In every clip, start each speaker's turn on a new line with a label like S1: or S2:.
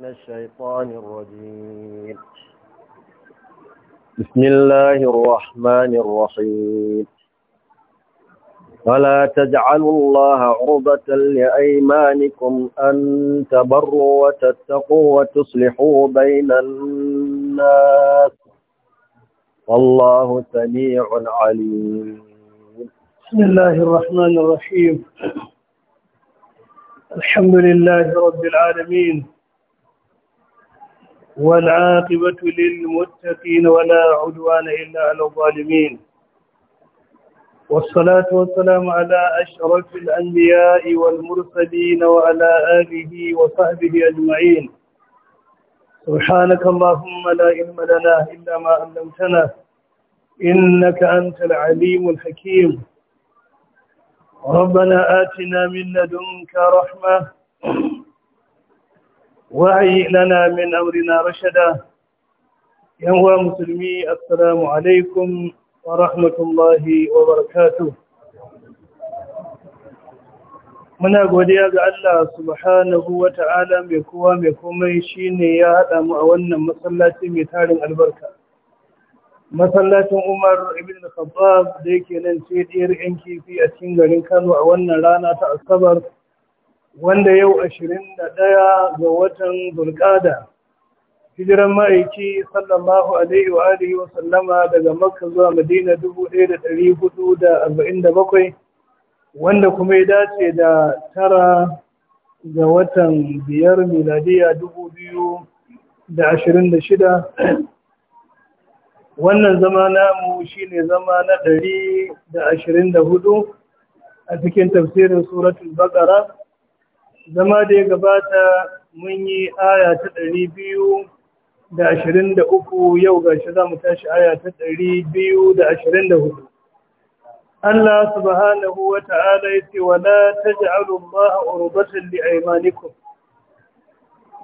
S1: من الشيطان الرجيم بسم الله الرحمن الرحيم ولا تجعلوا الله عرضة لأيمانكم أن تبروا وتتقوا وتصلحوا بين الناس والله سميع عليم بسم الله الرحمن الرحيم الحمد لله رب العالمين والعاقبة للمتقين ولا عدوان إلا على الظالمين والصلاة والسلام على أشرف الأنبياء والمرسلين وعلى آله وصحبه أجمعين سبحانك اللهم لا علم لنا إلا ما علمتنا إنك أنت العليم الحكيم ربنا آتنا من لدنك رحمة وهيئ لنا من أمرنا رشدا ينوى مسلمي السلام عليكم ورحمة الله وبركاته muna godiya ga Allah subhanahu wa ta'ala mai kowa mai komai shi ne ya haɗa mu a wannan masallaci mai tarin albarka. Masallacin Umar ibn Khattab da yake nan ce ɗiyar ‘yan kifi a cikin garin Kano a wannan rana ta Asabar wanda yau ashirin da ɗaya ga watan zulkada hijiran ma'aiki sallallahu alaihi wa alihi wa sallama daga makka zuwa madina dubu ɗaya da hudu da arba'in da bakwai wanda kuma ya dace da tara ga watan biyar miladiya dubu biyu da ashirin da shida wannan zama namu shine zama na ɗari da ashirin da hudu a cikin tafsirin suratul baqara zama da ya gabata mun yi aya ta ɗari biyu da ashirin da uku yau gashi za mu tashi aya ta ɗari biyu da ashirin da hudu. Allah subhanahu wa ta'ala ya ce, Wala ta ja'alun ma'a urubatan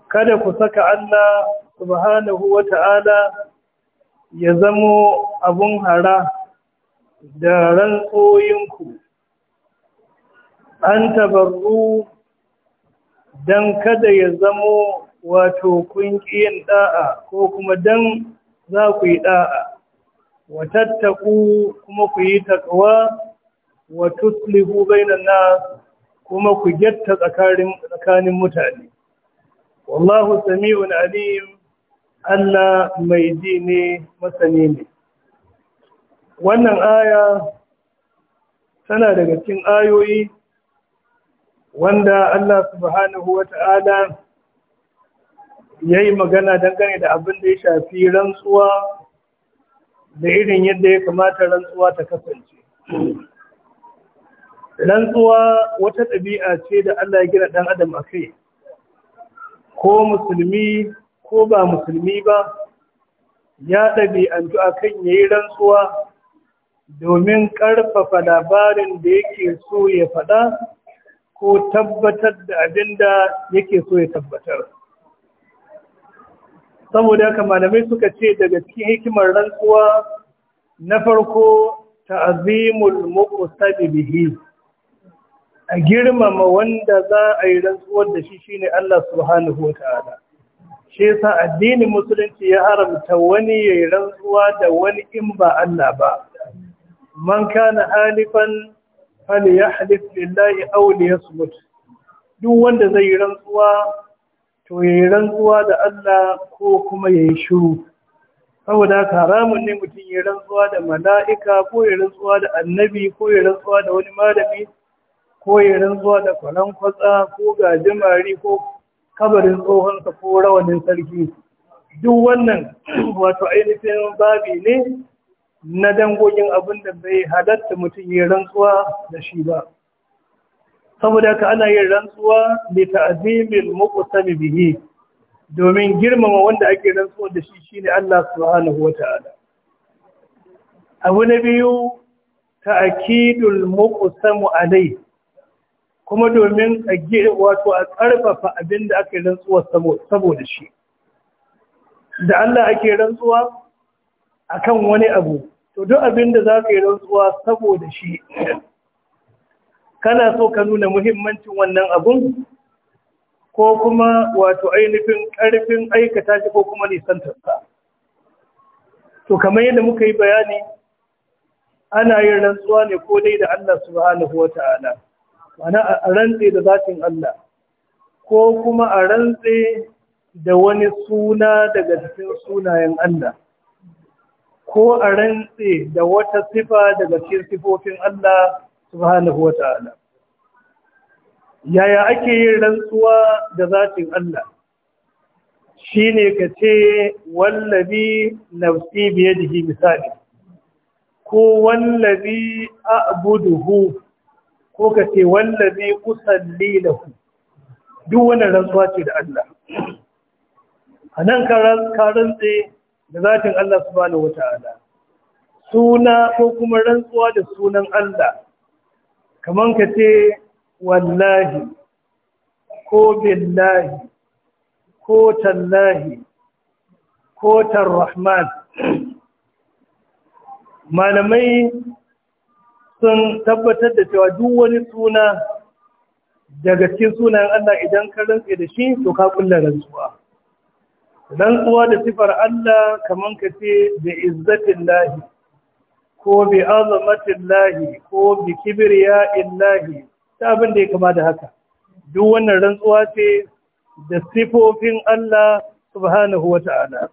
S1: Kada ku saka Allah subhanahu wa ta'ala ya zamo abun hara da rantsoyinku. An tabarru don kada ya zamo wato kun yin da'a ko kuma don za ku yi ɗa'a, wa tattaku kuma ku yi takawa wa tuslihu bainan kuma ku gyatta tsakanin mutane wallahu sami'un alim Allah mai ji ne masani ne wannan aya tana daga cikin ayoyi wanda Allah subhanahu wa ta'ala ya yi magana dangane da abin da ya shafi rantsuwa da irin yadda ya kamata rantsuwa ta kasance. Rantsuwa wata ɗabi'a ce da Allah ya gina ɗan adam a kai, ko musulmi ko ba musulmi ba, ya ɗabi'antu a kan ya yi rantsuwa domin ƙarfafa labarin da yake so ya faɗa ko tabbatar da abin da yake so ya tabbatar saboda haka malamai suka ce daga cikin hikimar rantsuwa na farko ta'azimul muqsadi bihi a girmama wanda za a yi rantsuwar da shi shine Allah subhanahu wataala shi yasa addinin musulunci ya haramta wani ya yi rantsuwa da wani in ba Allah ba man kana halifan fali ya halif lillahi aw li yasmut duk wanda zai yi rantsuwa to ya rantsuwa da Allah ko kuma ya yi shiru saboda haka ne mutum ya rantsuwa da mala'ika ko ya rantsuwa da annabi ko ya rantsuwa da wani malami ko ya rantsuwa da kwanan kwatsa ko gajimari ko kabarin tsohonsa ko rawanin sarki duk wannan wato ainihin babi ne na dangogin abin da bai halatta mutum ya rantsuwa da shi ba saboda ka ana yin rantsuwa ne ta'zimil muqsami bihi domin girmama wanda ake rantsuwa da shi shine Allah subhanahu wata'ala abu na biyu ta'kidul muqsamu alai kuma domin a wato a karfafa abin da ake rantsuwa saboda shi da Allah ake rantsuwa a kan wani abu to duk abin da za ka yi rantsuwa saboda shi kana so ka nuna muhimmancin wannan abun ko kuma wato ainihin ƙarfin aikata shi ko kuma nisantarsa to kamar yadda muka yi bayani ana yin rantsuwa ne ko dai da Allah subhanahu wa ta'ala ma'ana a rantse da zatin Allah ko kuma a rantse da wani suna daga cikin sunayen Allah ko a rantse da wata sifa daga cikin sifofin Allah subhanahu wata'ala yaya ake yin rantsuwa da zatin Allah shine ka ce wallabi nafsi biyadihi misali ko wallabi a'buduhu ko ka ce wallabi usalli lahu duk wannan rantsuwa ce da Allah anan ka rantse da zatin Allah subhanahu wata'ala suna ko kuma rantsuwa da sunan Allah kaman ka ce wallahi ko billahi ko tallahi ko tarrahman malamai sun tabbatar da cewa duk wani suna daga cikin sunan Allah idan ka rantse da shi to ka kulla rantsuwa rantsuwa da sifar Allah kamar ka ce da izzatin lahi ko bi azamatin lahi ko bi in lahi" ta abin da ya kama da haka duk wannan rantsuwa ce da sifofin Allah subhanahu wa ta'ala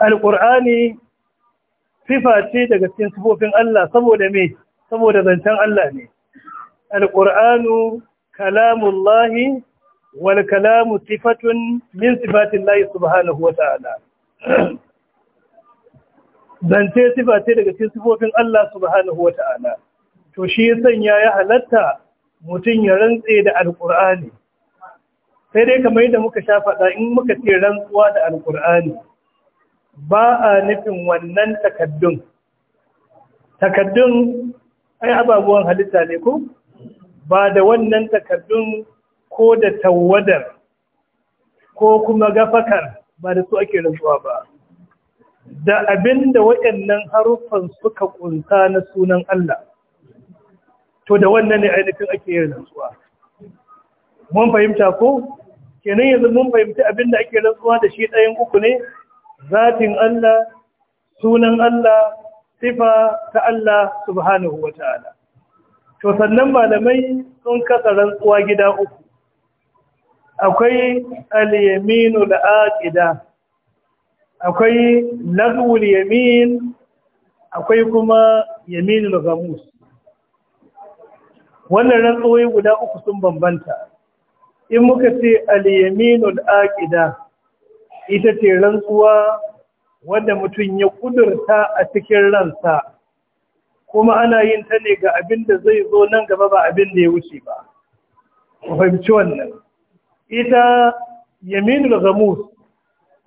S1: alƙur'ani sifa ce daga cikin sifofin Allah saboda me saboda zancen Allah ne alƙur'anu kalamullahi والكلام صفة من min الله layi وتعالى zance sifa ce daga cikin sifofin Allah subhanahu wa ta'ala to shi ya sanya ya halatta mutum ya rantse da alkur'ani sai dai kamar yadda muka sha faɗa in muka ce rantsuwa da alkur'ani ba a nufin wannan takaddun takaddun ai ababuwan halitta ne ko ba da wannan takaddun ko da tawadar ko kuma gafakar ba da su ake rantsuwa ba da abin da waɗannan haruffan suka kunsa na sunan Allah to da wannan ne ainihin ake yin rantsuwa mun fahimta ko kenan yanzu mun fahimci abin da ake rantsuwa da shi ɗayan uku ne zatin Allah sunan Allah sifa ta Allah subhanahu wa ta'ala to sannan malamai sun kasa rantsuwa gida uku akwai al-yaminu akwai nadwul yamin akwai kuma yaminul ghamus wannan rantsoyi guda uku sun bambanta in muka ce al-yaminul ita ce rantsuwa wanda mutum ya kudurta a cikin ransa kuma ana yin ta ne ga abin da zai zo nan gaba ba abin da ya wuce ba ku fahimci wannan ita yaminul gamus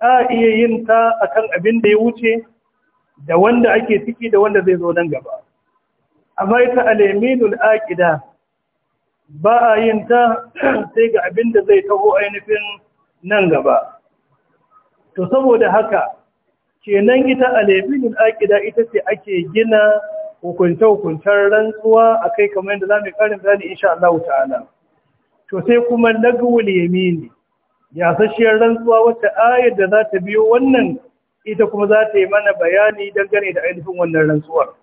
S1: a iya yin ta akan abin da ya wuce da wanda ake ciki da wanda zai zo nan gaba amma ita alaminul aqida ba a yin ta sai ga abin da zai taho ainihin nan gaba to saboda haka kenan ita alaminul aqida ita ce ake gina hukunce-hukuncen rantsuwa a kai kamar yadda za mu zamu karin bayani insha Allah ta'ala to sai kuma nagwul yamini ya sashiyar rantsuwa wata ayar da za ta biyo wannan ita kuma za ta yi mana bayani dangane da ainihin wannan rantsuwar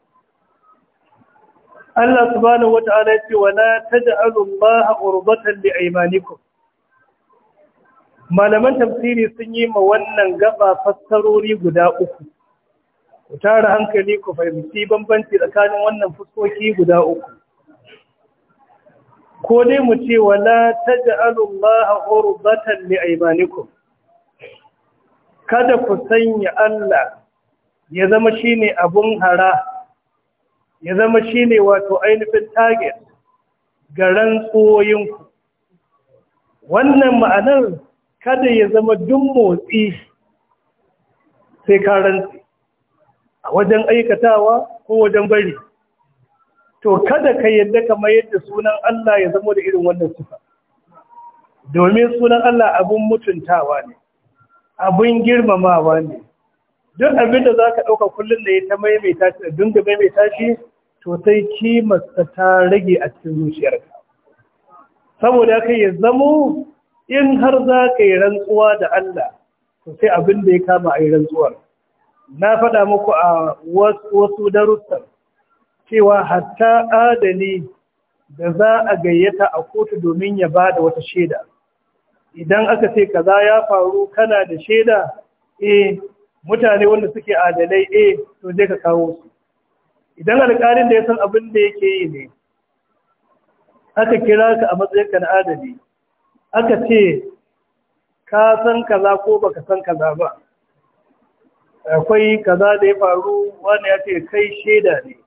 S1: Allah subhanahu wata'ala ce wala taj'alu Allah qurbatan aymanikum Malaman tafsiri sun yi ma wannan gaba fassarori guda uku Ku tara hankali ku fahimci bambanci tsakanin wannan fuskoki guda uku ko dai mu ce wala taj'alullaha urbatan li aymanikum kada ku sanya Allah ya zama shine abun hara ya zama shine wato ainihin target ga ku wannan ma'anar kada ya zama duk motsi sai ka rantse, a wajen aikatawa ko wajen bari to kada ka yadda mayar yadda sunan Allah ya zama da irin wannan sifa domin sunan Allah abin mutuntawa ne abun girmamawa ne duk abin da zaka ɗauka kullun da ya ta maimaita shi da da maimaita shi to sai kimar ta rage a cikin zuciyarka saboda kai ya zamo in har za ka yi rantsuwa da Allah to sai abin da ya kama a yi rantsuwar na faɗa muku a wasu darussan cewa hatta adali da za a gayyata a kotu domin ya ba da wata shaida idan aka ce kaza ya faru kana da shaida eh mutane wanda suke adalai eh to je ka kawo su idan alƙalin da ya san abin da yake yi ne aka kira ka a matsayin ka na adali aka ce ka san kaza ko baka san kaza ba akwai kaza da ya faru wani ya ce kai shaida ne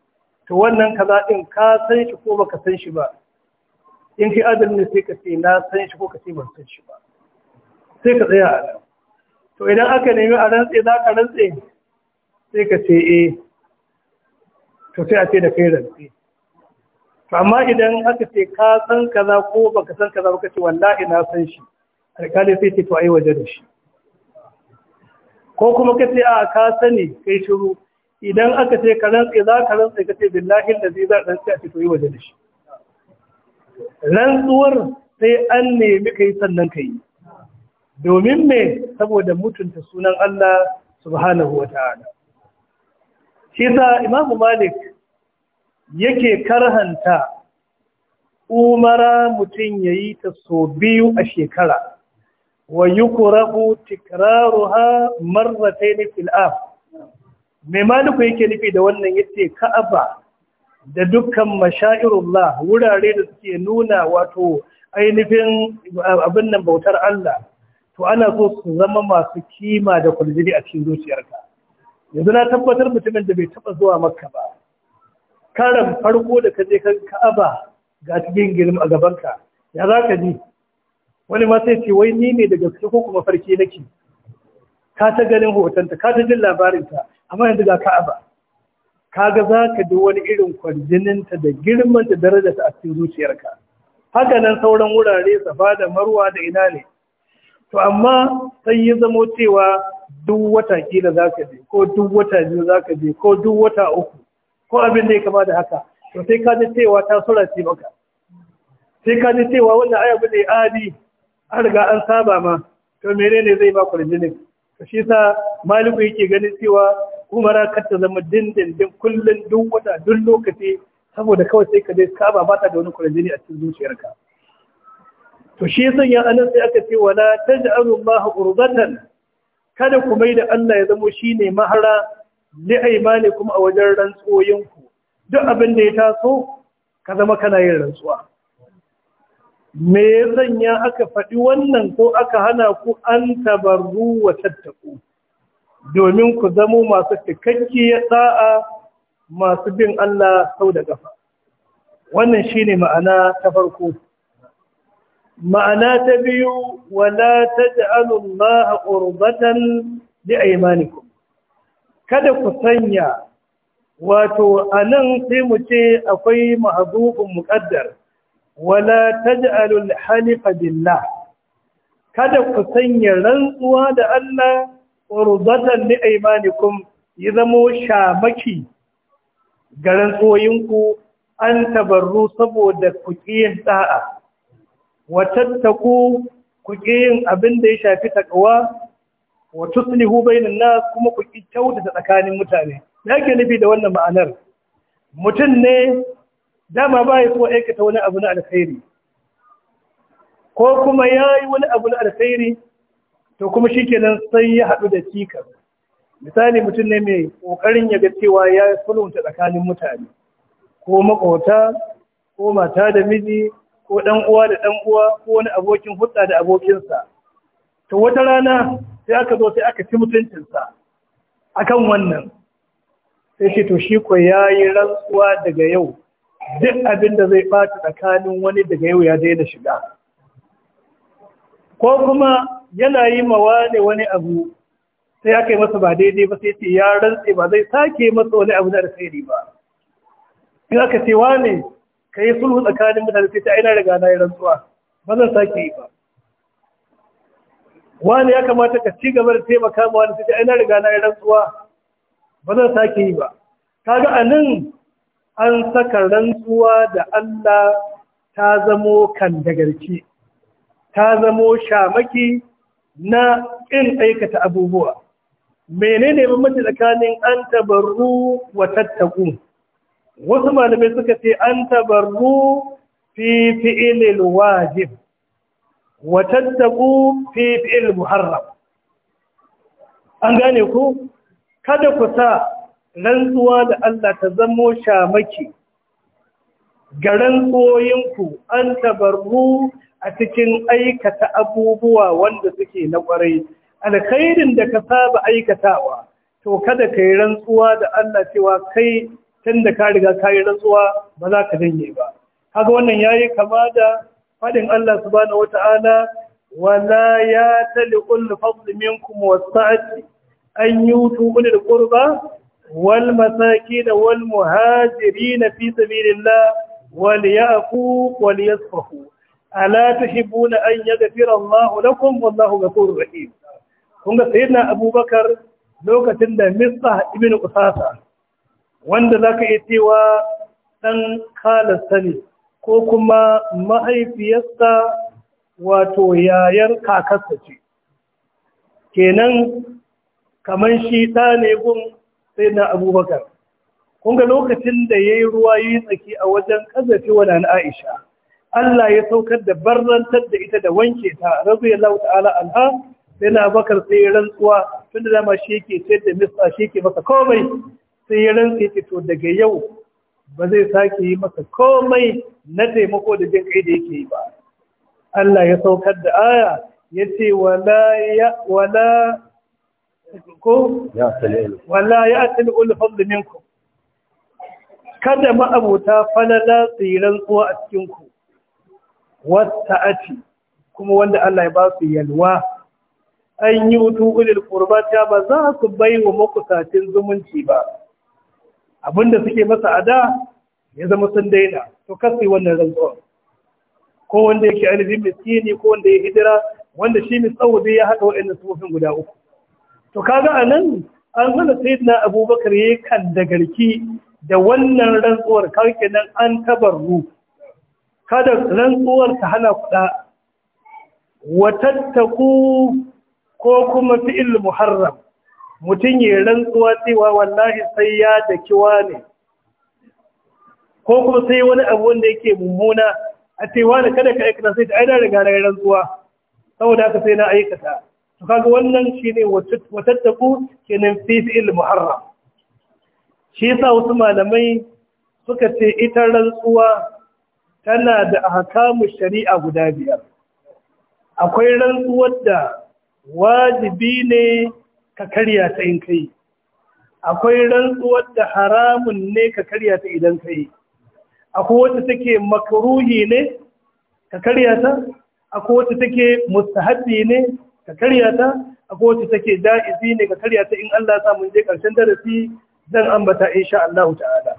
S1: to wannan kaza din ka san shi ko baka san shi ba in kai adam ne sai ka ce na san shi ko ka ce ban san shi ba sai ka tsaya a nan to idan aka nemi a rantse za ka rantse sai ka ce eh to sai a ce da kai rantse to amma idan aka ce ka san kaza ko baka san kaza ba ka ce wallahi na san shi alƙali sai ce to ai waje da shi ko kuma ka ce a ka sani kai shiru idan aka ce ka rantse za ka rantse ka ce billahi da zai za rantse a fito yi waje da shi rantsuwar sai an nemi ka yi sannan ka yi domin me saboda mutunta sunan Allah subhanahu wa ta'ala shi sa imamu Malik yake karhanta umara mutum ya yi ta so biyu a shekara wa tikararu ha marzatai na filaf. mai maluku yake nufi da wannan yace ka'aba da dukkan mashairullah wurare da suke nuna wato ainihin uh, abin nan bautar Allah to ana so su zama masu kima da kwaljini a cikin zuciyarka yanzu na tabbatar mutumin da bai taba zuwa makka ba karan farko da ka je kan ka'aba ga cikin girma a gabanka ya za ka ji wani ma sai ce wai ni ne daga gaske ko kuma farki nake ka ta ganin hotonta ka ta jin labarinta amma yanzu ga ka'aba kaga za ka ji wani irin kwarjininta da girman da daraja ta a cikin zuciyarka haka nan sauran wurare safa da marwa da ina ne to amma sai ya zamo cewa duk wata kila za ka je ko duk wata biyu za ka je ko duk wata uku ko abin da ya kama da haka to sai ka ji cewa ta sura ce maka sai ka ji cewa wannan aya bude adi an riga an saba ma to menene zai ba kwarjinin to shi sa maliku yake ganin cewa umara kar ta zama dindindin kullum duk wata duk lokaci saboda kawai sai ka je kaba ba ta da wani kurajini a cikin zuciyarka to shi sun ya anan sai aka ce wala taj'alu Allah qurbatan kada ku mai da Allah ya zamo shine mahara li kuma a wajen rantsoyinku duk abin da ya taso ka zama kana yin rantsuwa me ya aka faɗi wannan ko aka hana ku an tabarru wa tattaku domin ku zamo masu cikakkiyar sa'a masu bin Allah sau da ƙafa. Wannan shi ne ma'ana ta farko. Ma'ana ta biyu, wala ta ja'alun ma'a ƙurbatan da maniku. Kada ku sanya, wato, a nan sai mu ce akwai ma'azufin muƙaddar, wala ta ja'alun halifa billah. Kada ku sanya rantsuwa da Allah a li aymanikum ya zamo shamaki garin tsoyinku an tabarru saboda ku kiyin da'a wa ku kiyin abin da ya shafi takawa wa tuslihu nan na kuma ku kyautata tsakanin mutane Ya ke nufi da wannan ma'anar mutum ne dama ba ya so aikata wani abu na alkhairi ko kuma ya yi wani abu na alkhairi to kuma shikenan sai ya haɗu da cikas misali mutum ne mai ƙoƙarin ya ga cewa ya fulunta tsakanin mutane ko maƙota ko mata da miji ko ɗan uwa da ɗan uwa ko wani abokin hulɗa da abokinsa to wata rana sai aka zo sai aka ci mutuncinsa akan wannan sai ce to shi ko ya yi rantsuwa daga yau duk abin da zai ɓata tsakanin wani daga yau ya daina shiga ko kuma yana yi mawa ne wani abu sai ya kai masa ba daidai ba sai ce ya rantse ba zai sake masa wani abu na alkhairi ba
S2: in aka ce wane
S1: ka yi sulhu tsakanin mutane sai ta aina riga na yi rantsuwa ba zan sake yi ba ne ya kamata ka ci gaba da taimaka ma wani sai ta aina riga na yi rantsuwa ba zan sake yi ba kaga a nan an saka rantsuwa da Allah ta zamo kan dagarki ta zamo shamaki na ƙin aikata abubuwa menene bambanci tsakanin an tabarru wa tattaku wasu malamai suka ce an tabarru fi fi'ilil wajib wa tattaku fi fi'il muharram an gane ku kada ku sa rantsuwa da Allah ta zamo shamaki ga rantsuwoyinku an tabarru a cikin aikata abubuwa wanda suke na ƙwarai alkhairin da ka saba aikatawa to kada ka yi rantsuwa da Allah cewa kai tun da ka riga ka yi rantsuwa ba za ka danye ba kaga wannan yayi kama da faɗin Allah subhanahu wata'ala wala ya taliqul fadl minkum wasa'ati an yutu ulil qurba والمساكين والمهاجرين في سبيل الله وليأفوا وليصفحوا ala tuhibbuna an yaghfira Allahu lakum wallahu ghafurur rahim kun ga sayyidina Abubakar lokacin da Misa ibn Usasa wanda zaka yi cewa dan kala ne ko kuma mahaifiyarsa wato yayar kakarsa ce kenan kaman shi ta ne gun sayyidina Abubakar kun ga lokacin da yayi ruwa yi tsaki a wajen kazafi wa Aisha Allah ya saukar da barnantar da ita da wanke ta rabu radiyallahu ta'ala anha sai na bakar sai ya rantsuwa tunda dama shi yake ce, da misa shi yake masa komai sai ya rantsa yake to daga yau ba zai sake yi masa komai na taimako da jin kai da yake yi ba Allah ya saukar da aya ya ce wala ya wala ko wala ya atil minkum kada ma'abuta falala tsiran tsuwa a cikinku Wata wasa'ati kuma wanda Allah ya ba su yalwa an yi wutu ulil qurbata ba za su bai wa makusacin zumunci ba abinda suke masa ada ya zama sun daina to kasai wannan rantsuwa ko wanda yake alifin miskini ko wanda ya hijira wanda shi misawubi ya haɗa waɗannan sufofin guda uku to kaga anan an hana na abubakar ya kan da garki da wannan rantsuwar karke kenan an tabarru kada rantsuwar ta hana ku da watattaku ko kuma fi'il muharram mutum ya rantsuwa cewa wallahi sai ya dakiwa ne ko kuma sai wani abu wanda yake mummuna a cewa da kada ka aikata sai ta riga na rantsuwa saboda haka sai na aikata to kaga wannan shine watattaku kenan fi'il muharram shi yasa wasu malamai suka ce ita rantsuwa tana da hakamun shari'a guda biyar akwai rantsuwar da wajibi ne ka karya ta in kai akwai rantsuwar da haramun ne ka karya ta idan kai akwai wata take makruhi ne ka karya ta akwai wata take mustahabbi ne ka karya ta akwai wata take da'izi ne ka karya ta in Allah ya sa mun je karshen darasi zan ambata insha Allah ta'ala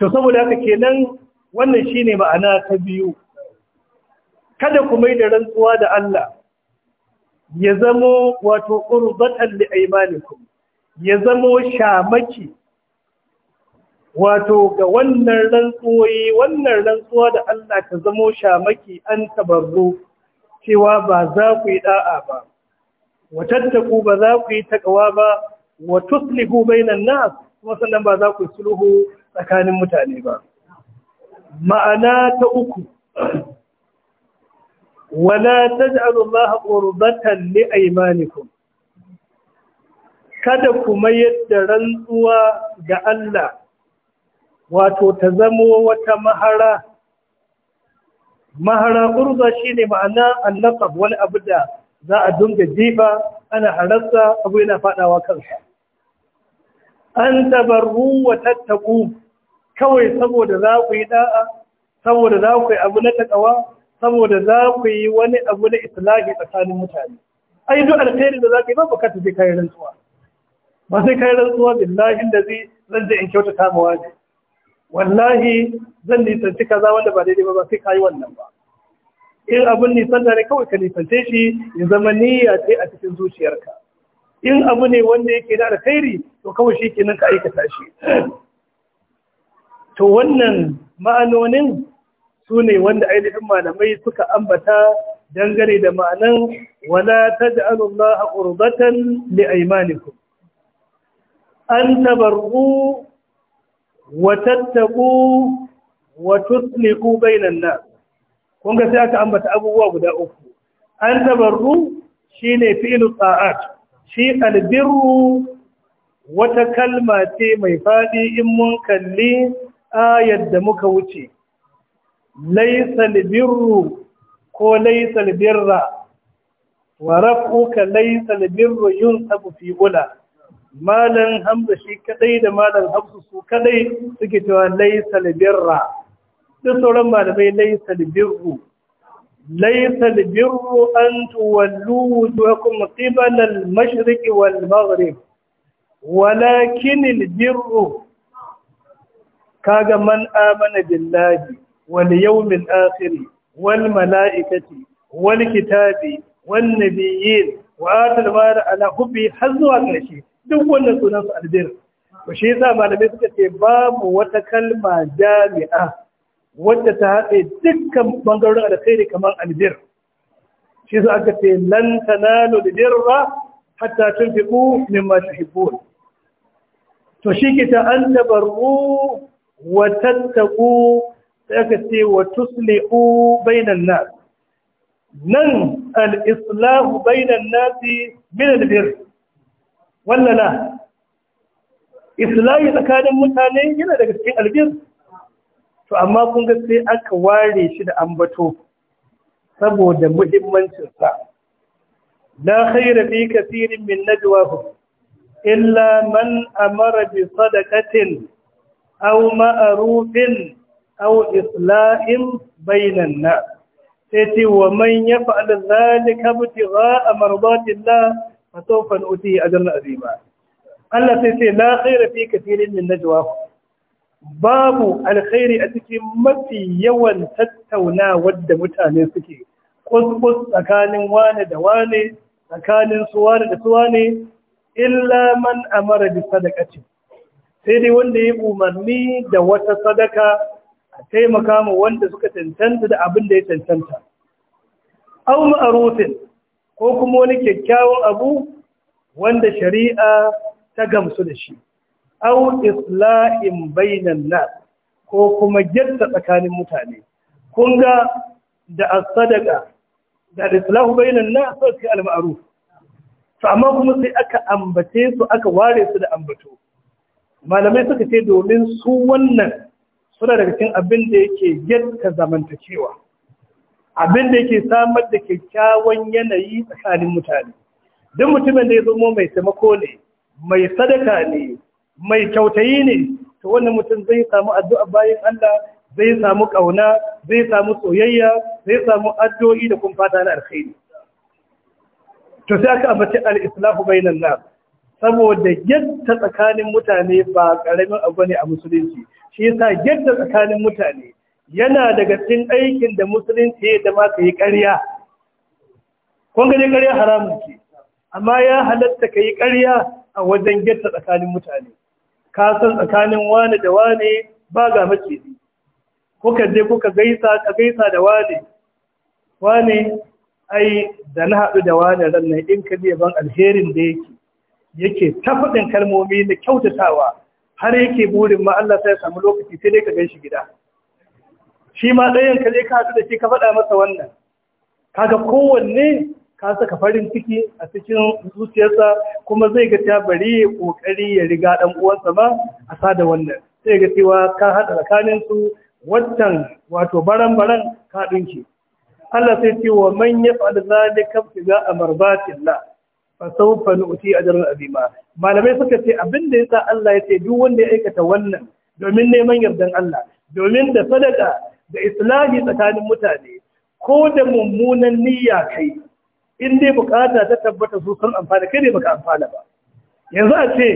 S1: to saboda haka kenan wannan shine ma'ana ta biyu kada ku mai da rantsuwa da Allah ya zamo wato qurbatan li aymanikum ya zamo shamaki wato ga wannan rantsuwoyi wannan rantsuwa da Allah ta zamo shamaki an tabarru cewa ba za ku yi da'a ba watattaku ba za ku yi takawa ba wa tuslihu bainan nas kuma sannan ba za ku yi sulhu tsakanin mutane ba ma'ana ta uku wala taj'alu Allah qurbatan li aymanikum kada kuma yadda rantsuwa ga Allah wato ta zamo wata mahara mahara shine ma'ana annaqab wani abu da za a dunga jifa ana harassa abu yana faɗawa kansa an tabarru wa tattaqu kawai saboda za ku yi da'a saboda za ku yi abu na takawa saboda za ku yi wani abu na islahi tsakanin mutane ai duk alkhairi da za ku yi ba bukata sai kayan rantsuwa ba sai kai rantsuwa billahi da zai zan je in kyauta waje wallahi zan nisanci kaza wanda ba daidai ba ba sai kai wannan ba in abun nisanta ne kawai ka nisance shi ya zama niyya ce a cikin zuciyarka in abu ne wanda yake da alkhairi to kawai shi kenan ka aikata shi to wannan ma'anonin su ne wanda ainihin malamai suka ambata dangane da ma'anan wala taj'alullaha qurbatan liaymanikum an tabarru wa tattaqu wa bainan kun ga sai aka ambata abubuwa guda uku an tabarru shine fi'lu ta'at shi albirru wata kalma ce mai faɗi in mun kalli ayar da muka wuce Laisal libirru ko laisa libirra wa raf'uka laisa libirru yunsabu fi ula malan hamza shi kadai da malan hafsu su kadai suke cewa Laisal libirra duk sauran malamai Laisal libirru Laisal libirru an tuwallu wujuhakum qibala al-mashriqi wal maghrib walakin al-birru kaga man amana billahi wal yawmil akhir wal malaikati wal kitabi wan nabiyyin wa atal mar ala hubbi har zuwa duk wannan sunan su albir to shi yasa malamai suka ce babu wata kalma jami'a wadda ta haɗe dukkan bangarorin alkhairi kamar albir shi su aka ce lan tanalu albirra hatta tunfiqu mimma tuhibbun to shi ke ta an tabarru wa sai aka ce wa tusli'u bainan nas nan al-islahu bainan nas min al-birr wannan na
S2: islahi tsakanin
S1: mutane yana daga cikin albir to amma kun ga sai aka ware shi da ambato saboda muhimmancinsa la khayra fi kathirin min najwahum illa man amara bi sadaqatin aw ma'rufin aw islain bainan na, sai ce wa man yaf'al zalika ibtigha'a mardatillah fa sawfa nu'tihi ajran azima Allah sai ce la khayra fi kathirin min najwa babu alkhairi a cikin mafi yawan tattaunawa da mutane suke kuskus tsakanin wane da wane tsakanin wane da wane, illa man amara bi sadaqati sai dai wanda ya umarni da wata sadaka a taimaka ma wanda suka cancanta da abin da ya cancanta Au ma'rufin ko kuma wani kyakkyawan abu wanda shari'a ta gamsu da shi Au isla'in bainan na. ko kuma gyarta tsakanin mutane kun ga da as da islahu bainan na sai al-ma'ruf to amma kuma sai aka ambace su aka ware su da ambato malamai suka ce domin su wannan suna daga cikin abin da yake yadda zamantakewa abin da yake samar da kyakkyawan yanayi tsakanin mutane duk mutumin da ya zama mai taimako ne mai sadaka ne mai kyautayi ne to wannan mutum zai samu addu'a bayan Allah zai samu ƙauna, zai samu soyayya zai samu addu'o'i da kuma fata na alkhairi to sai aka ambaci al-islahu bainan nas saboda yadda tsakanin mutane ba ƙaramin abu ne a musulunci shi yasa yadda tsakanin mutane yana daga cikin aikin da musulunci da ka yi ƙarya kun gani ƙarya haramun ce amma ya halatta ka yi ƙarya a wajen yadda tsakanin mutane ka san tsakanin wani da wani ba ga maciji kuka je kuka gaisa ka gaisa da wani wani ai da na haɗu da wani ran nan in ka je ban alherin da yake yake ta kalmomi na kyautatawa har yake burin ma Allah sai ya samu lokaci sai dai ka gan shi gida shi ma ɗayan ka je ka haɗu da shi ka faɗa masa wannan kaga kowanne ka saka farin ciki a cikin zuciyarsa kuma zai ga ta bari ya kokari ya riga dan uwansa ma a sada wannan sai ga cewa ka haɗa tsakanin su wattan wato baran baran ka dinki Allah sai ce wa man yaf'al zalika ibtiga amrbatillah fasaufa nu'ti ajran azima malamai suka ce abin da yasa Allah ya ce duk wanda ya aikata wannan domin neman yardan Allah domin da sadaka da islahi tsakanin mutane ko da mummunan niyya kai in dai bukata ta tabbata su sun amfana kai ne baka amfana ba yanzu a ce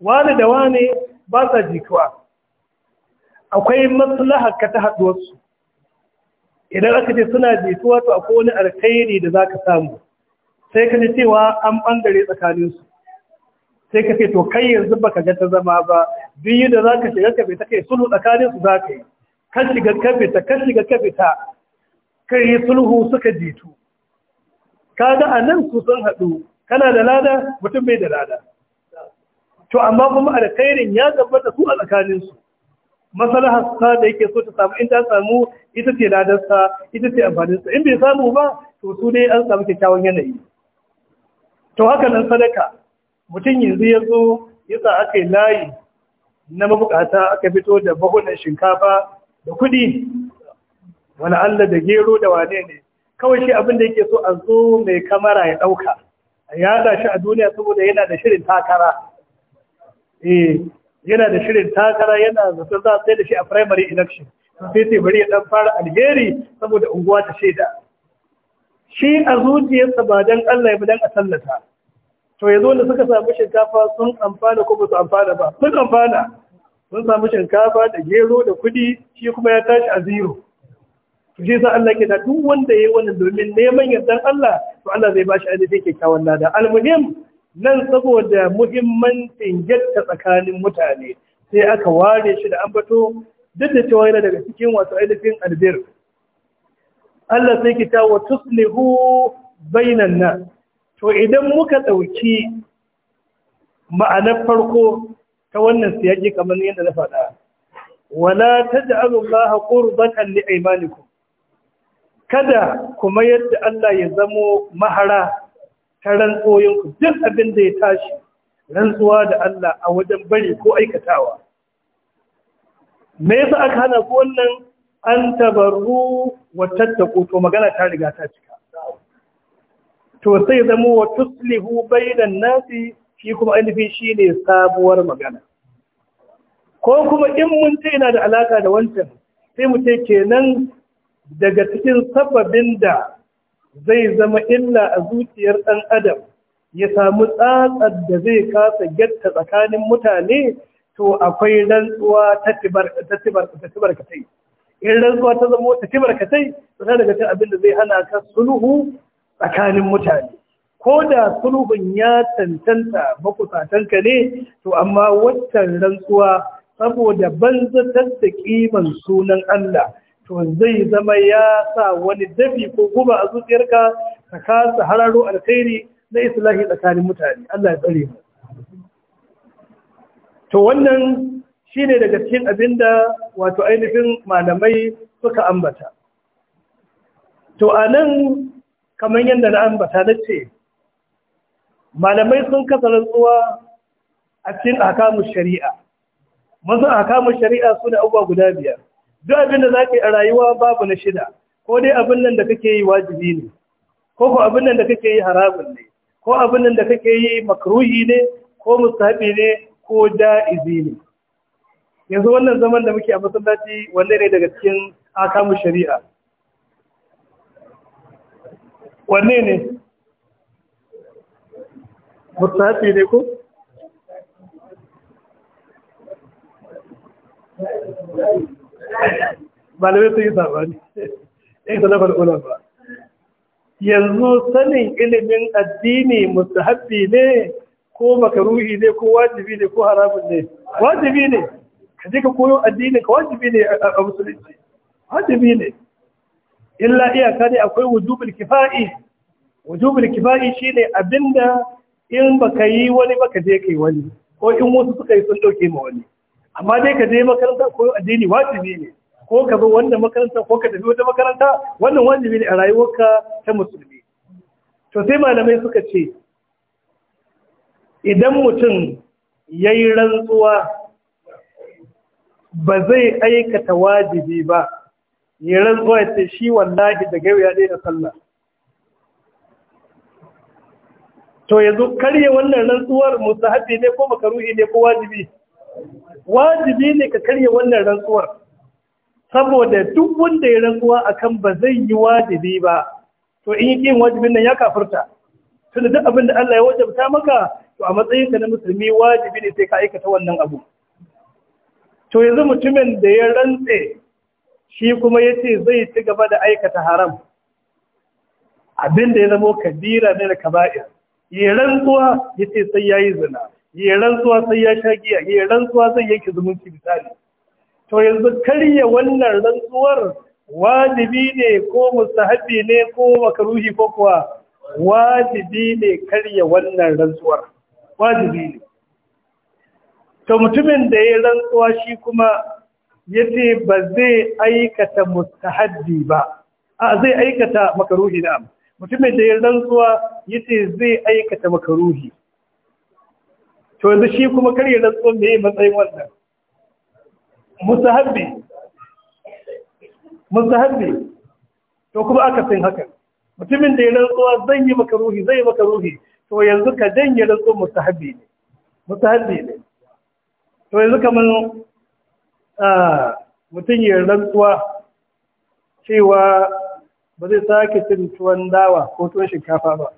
S1: wani da wani ba sa jikuwa akwai maslahar ka ta haɗuwarsu. idan aka ce suna jituwa to akwai wani alkhairi da za ka samu sai ka ji cewa an bangare tsakaninsu sai ka ce to kai yanzu baka ga ta zama ba biyu da za ka shiga kafe ta kai sulhu tsakanin za ka yi ka shiga kafe ta ka shiga kafe ta kai yi sulhu suka jitu kaga a nan su sun haɗu kana da lada mutum bai da lada to amma kuma alkhairin ya tabbata su a tsakaninsu. su sa da yake so ta samu in ta samu ita ce ladarsa ita ce amfaninsa in bai samu ba to su dai an samu kyakkyawan yanayi to haka nan sadaka mutum yanzu ya zo ya sa aka yi layi na mabukata aka fito da bahunan shinkafa da kuɗi wani allah da gero da wane ne kawai shi abin da yake so a zo mai kamara ya ɗauka a yada shi a duniya saboda yana da shirin takara eh yana da shirin takara yana zaton za a sai da shi a primary election sai sai bari ya dan fara alheri saboda unguwa ta shaida shi a zuciyarsa ba don Allah ya dan a sallata to yanzu wanda suka samu shinkafa sun amfana ko ba su amfana ba sun amfana sun samu shinkafa da gero da kuɗi shi kuma ya tashi a zero to shi sa Allah ke da duk wanda yayi wannan domin neman yardan Allah to Allah zai bashi ainihin kyakkyawan lada almuhim nan saboda muhimmancin yadda tsakanin mutane sai aka ware shi da ambato duk da cewa yana daga cikin wasu ainihin albir Allah sai kitawa ta wa tuslihu bainan nas to idan muka ɗauki ma'anar farko ta wannan siyaki kamar yadda na faɗa wala ta ji taj'alullaha a li'aymanikum kada kuma yadda Allah ya zamo mahara ta rantsoyinku duk abin da ya tashi rantsuwa da Allah a wajen bari ko aikatawa me yasa aka hana ko wannan an tabarru wa tattaku to magana ta riga ta cika to sai zamo wa tuslihu bainan nasi shi kuma ainihin shi ne sabuwar magana ko kuma in mun ce yana da alaka da wancan sai mu ce kenan daga cikin sababin da zai zama illa a zuciyar ɗan adam ya samu tsatsar da zai kasa gyatta tsakanin mutane to akwai rantsuwa ta tibarkatai in rantsuwa ta zama ta tibarkatai to ta daga cin abin da zai hana ka suluhu. tsakanin mutane ko da sulhun ya tantanta makusatanka ne to amma waccan rantsuwa saboda ban zartar da kiman sunan Allah to zai zama ya sa wani dafi ko guba a zuciyarka ka kasa hararo alkhairi na islahi tsakanin mutane Allah ya tsare to wannan shine daga cikin abinda wato ainihin malamai suka ambata to anan kamar yadda na ambata na ce malamai sun kasa rantsuwa a cikin akamun shari'a masu akamun shari'a su da abubuwa guda biyar duk abin da za ke a rayuwa babu na shida ko dai abin nan da kake yi wajibi ne ko ko abin nan da kake yi haramun ne ko abin nan da kake yi makruhi ne ko mustahabi ne ko da'izi ne yanzu wannan zaman da muke a masallaci wanne ne daga cikin akamun shari'a wanne ne mutafi ne ko malamai sun yi sabani ɗaya ta lafar ulama yanzu sanin ilimin addini mustahabbi ne ko makaruhi ne ko wajibi ne ko haramun ne wajibi ne ka je ka koyo addini ka wajibi ne a musulunci wajibi ne illa iyaka dai akwai wujubul kifa'i wujubul kifa'i shine abinda in baka yi wani baka je kai wani ko in wasu suka yi sun dauke ma wani amma dai ka je makaranta ko addini wajibi ne ko ka zo wannan makaranta ko ka tafi wata makaranta wannan wajibi ne a rayuwarka ta musulmi to sai malamai suka ce idan mutum ya yi rantsuwa ba zai aikata wajibi ba ya zuwa ya ce shi wallahi da gaiwa ya daina sallah to yanzu karye wannan rantsuwar mustahabi ne ko makaruhi ne ko wajibi wajibi ne ka karye wannan rantsuwar saboda duk wanda ya rantsuwa akan ba zai yi wajibi ba to in yi wajibin nan ya kafirta tunda duk abin da Allah ya wajabta maka to a matsayinka na musulmi wajibi ne sai ka aikata wannan abu to yanzu mutumin da ya rantse shi kuma ya ce zai ci gaba da aikata haram abinda ya zama kabira ne da kaba'ir yi rantsuwa ya ce sai ya yi zina yi rantsuwa sai ya sha giya yi rantsuwa zai yanke zumunci misali to yanzu karya wannan rantsuwar wajibi ne ko mustahabi ne ko makaruhi ko kuwa wajibi ne karya wannan rantsuwar wajibi ne to mutumin da ya rantsuwa shi kuma yace ba zai aikata mustahaddi ba a zai aikata makaruhi na'am mutumin da ya rantsuwa yace zai aikata makaruhi to yanzu shi kuma kar ya rantsuwa me matsayin wannan mustahabbi mustahabbi to kuma aka san haka mutumin da ya rantsuwa zan yi makaruhi zai yi makaruhi to yanzu ka janye rantsuwa mustahabbi ne mustahabbi ne to yanzu kaman mutum ya rantsuwa cewa ba zai sake cin tuwon dawa ko tuwon shinkafa ba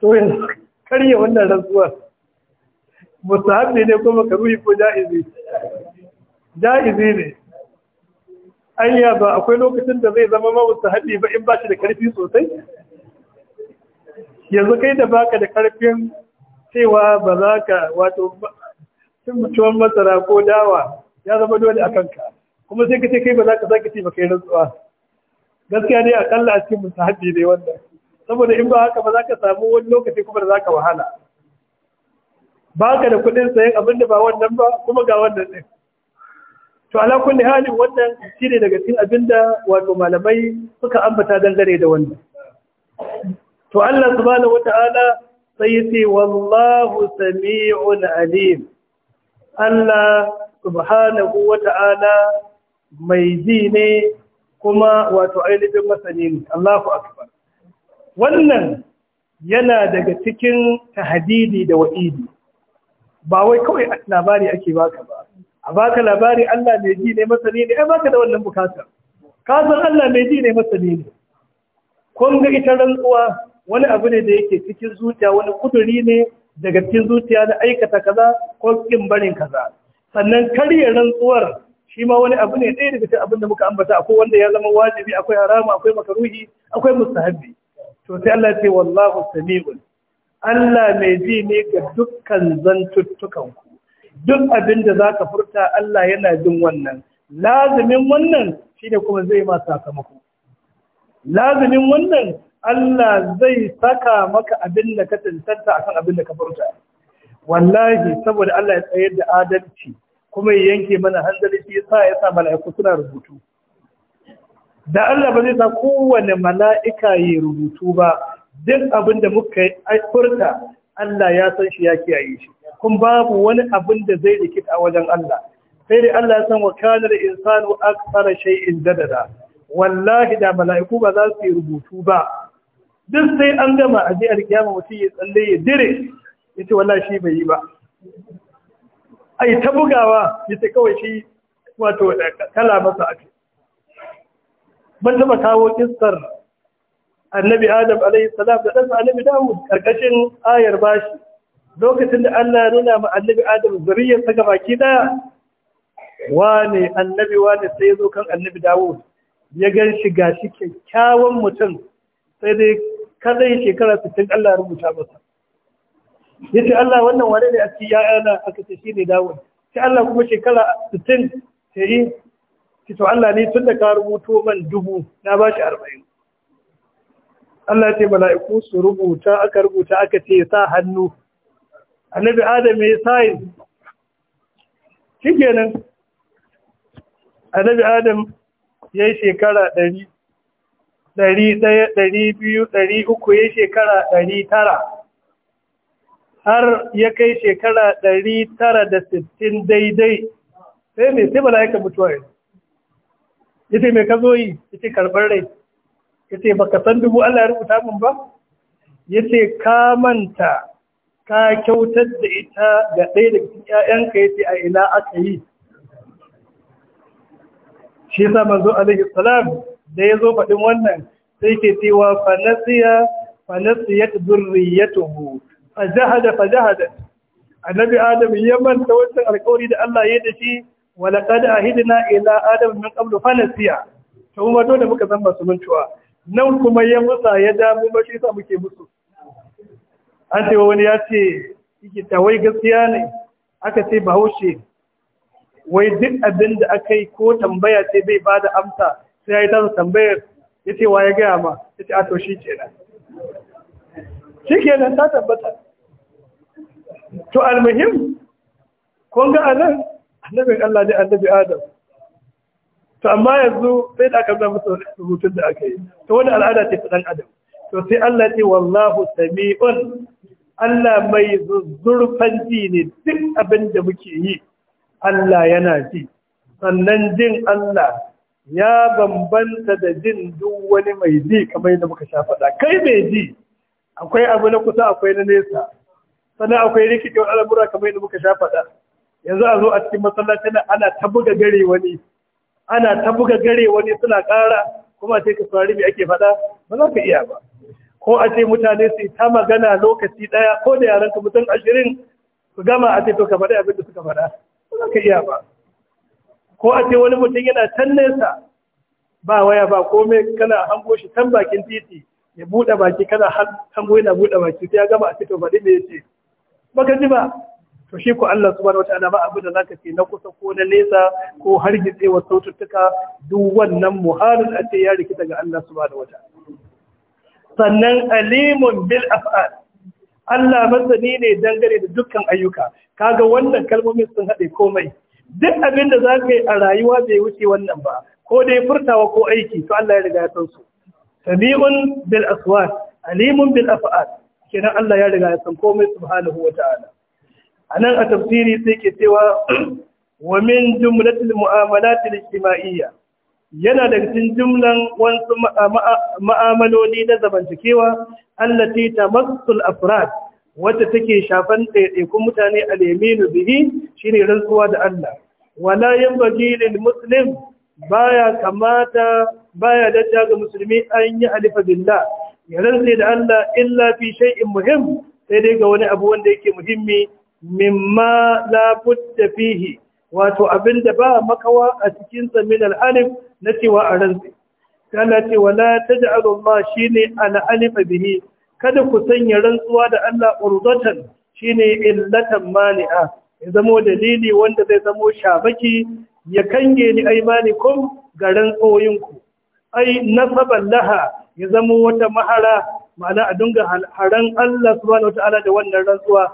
S1: Tuwon karye karya wannan rantsuwar hannu ne kuma ruhi ko ja'izi ja'izi ne anya ba akwai lokacin da zai zama mawusa haɗi ba in ba shi da ƙarfi sosai yanzu kai da baka da ƙarfin cewa ba za ka wato cin mutuwan masara ko dawa ya zama dole a kanka kuma sai ka ce kai ba za ka sake ce ba kai rantsuwa gaskiya ne akalla a cikin musahabi ne wannan saboda in ba haka ba za ka samu wani lokaci kuma da za ka wahala ba ka da kuɗin sayan abin da ba wannan ba kuma ga wannan ɗin
S2: to ala kulli halin wannan
S1: shi ne daga cikin abin da wato malamai suka ambata dangane da wannan to Allah subhanahu wata'ala sai ce wallahu sami'un alim Allah subhanahu wa ta'ala mai ji ne kuma wato ainihin masani ne Allahu akbar wannan yana daga cikin tahadidi da wa'idi ba wai kawai labari ake baka ba a baka labari Allah mai ji ne masani ne ai baka da wannan bukatar Kasar Allah mai ji ne masani ne kun ga ita rantsuwa wani abu ne da yake cikin zuciya wani kuduri ne daga cikin zuciya na aikata kaza ko cikin barin kaza sannan karya rantsuwar shi ma wani abu ne ɗaya daga cikin abin da muka ambata akwai wanda ya zama wajibi akwai harama akwai makaruhi akwai mustahabbi to sai Allah ya ce wallahu samiul Allah mai ji ne ga dukkan zantuttukan ku duk abin da zaka furta Allah yana jin wannan lazimin wannan shine kuma zai ma sakamako lazimin wannan Allah zai saka maka abin da ka a akan abin da ka furta wallahi saboda Allah ya tsayar da adalci kuma ya yanke mana hanzari shi yasa ya sa mala'iku suna rubutu da Allah ba zai sa kowane mala'ika ya rubutu ba duk abin da muka furta Allah ya san shi ya kiyaye shi kun babu wani abin da zai rikita a wajen Allah sai dai Allah ya san wa kana insanu aksara shay'in dadada wallahi da mala'iku ba za su yi rubutu ba duk sai an gama a jihar kiyama mutum ya tsalle ya dire ya ce wala shi bai yi ba a yi ta bugawa ya ce kawai shi wato kala masa ake ban taba kawo kistar annabi adam alaihi salam da ɗansa annabi dawud karkashin ayar bashi lokacin da allah nuna ma annabi adam zuriyar ta gabaki daya wane annabi wane sai ya zo kan annabi dawud ya gan shi gashi kyakkyawan mutum sai dai ka zai yi shekara sittin Allah ya rubuta masa Ya ce Allah wannan wane ne a cikin ya'yana aka ce ne dawon. sai Allah kuma shekara ta yi? ki to Allah ne da ka rubuto man dubu na ba shi arba'in. Allah ya ce mala'iku su rubuta aka rubuta aka ce sa hannu annabi Adam ya yi Shi kenan, annabi Adam yi shekara ɗari. ɗari ɗaya ɗari biyu uku ya shekara ɗari tara har ya kai shekara ɗari tara da sittin daidai sai mai sai mala'ika mutuwa yanzu ya ce mai ka zo yi ya ce karɓar rai ya ce baka san dubu Allah ya rubuta min ba ya ce ka manta ka kyautar da ita ga ɗaya da cikin ‘ya'yanka ya ce a ina aka yi shi sa manzo alaihi salam da ya zo faɗin wannan sai ke cewa falasiya falasiyat zurriyatuhu fajahada fajahada annabi adam ya manta wancan alƙawari da Allah ya yi da shi wa laqad ahidna ila adam min qablu falasiya to kuma dole muka san masu mantuwa nan kuma ya musa ya damu ba shi sa muke musu an ce wani ya ce ta wai gaskiya ne aka ce bahaushe wai duk abin da aka yi ko tambaya ce bai ba da amsa sai ya yi tasa tambayar ya ce wa ya gaya ma ya ce a to shi kenan shi kenan ta tabbata to almuhim kun ga anan annabin Allah ne annabi Adam to amma yanzu sai da aka zama musu rubutun da aka yi to wani al'ada ce ta dan adam to sai Allah ce wallahu sami'un Allah mai zurfan ji ne duk abin da muke yi Allah yana ji sannan jin Allah ya bambanta da jin duk wani mai ji kamar yadda muka sha faɗa kai mai ji akwai abu na kusa akwai na nesa sannan akwai rikicin al'amura kamar yadda muka sha faɗa yanzu a zo a cikin masallaci na ana ta buga gare wani ana ta buga gare wani suna ƙara kuma sai ka saurari me ake faɗa ba za ka iya ba ko a ce mutane su ta magana lokaci ɗaya ko da yaran ka mutum ashirin su gama a ce to ka faɗi abin da suka faɗa ba za ka iya ba ko a ce wani mutum yana can nesa ba waya ba komai kana hango shi can bakin titi ya buɗe baki kana hango yana buɗe baki sai ya gama a ce to faɗi ce. Ba baka ji ba to shi ko Allah subhanahu wataala ba abu da zaka ce na kusa ko na nesa ko har saututtuka duk wannan muhalin a ce ya rikita ga Allah subhanahu wata. sannan alimun bil af'al Allah masani ne dangane da dukkan ayyuka kaga wannan kalmomin sun haɗe komai duk abin da za ka yi a rayuwa bai wuce wannan ba ko dai furtawa ko aiki to Allah ya riga ya san su sami'un bil aswat alimun bil af'al kenan Allah ya riga ya san komai subhanahu wa ta'ala anan a tafsiri sai ke cewa wa min jumlatil mu'amalatil ijtima'iyya yana daga cikin jumlan wasu ma'amaloli na zamantakewa allati tamassul afrad wacce take shafan ɗaiɗaikun mutane al-yaminu bihi shine rantsuwa da Allah wala yanbaghi lil muslim baya kamata baya dace ga musulmi an yi alifa billah ya rantse da Allah illa fi shay'in muhim sai dai ga wani abu wanda yake muhimmi mimma la budda fihi wato da ba makawa a cikin sa min alif na cewa a rantse kana cewa la taj'alu ma shine al-alifa bihi kada ku sanya rantsuwa da Allah urdatan shine illatan mani'a ya zamo dalili wanda zai zamo shabaki ya kange ni aymanikum ga rantsoyinku ai nasaban laha ya zamo wata mahara ma'ana a dinga haran Allah subhanahu wataala da wannan rantsuwa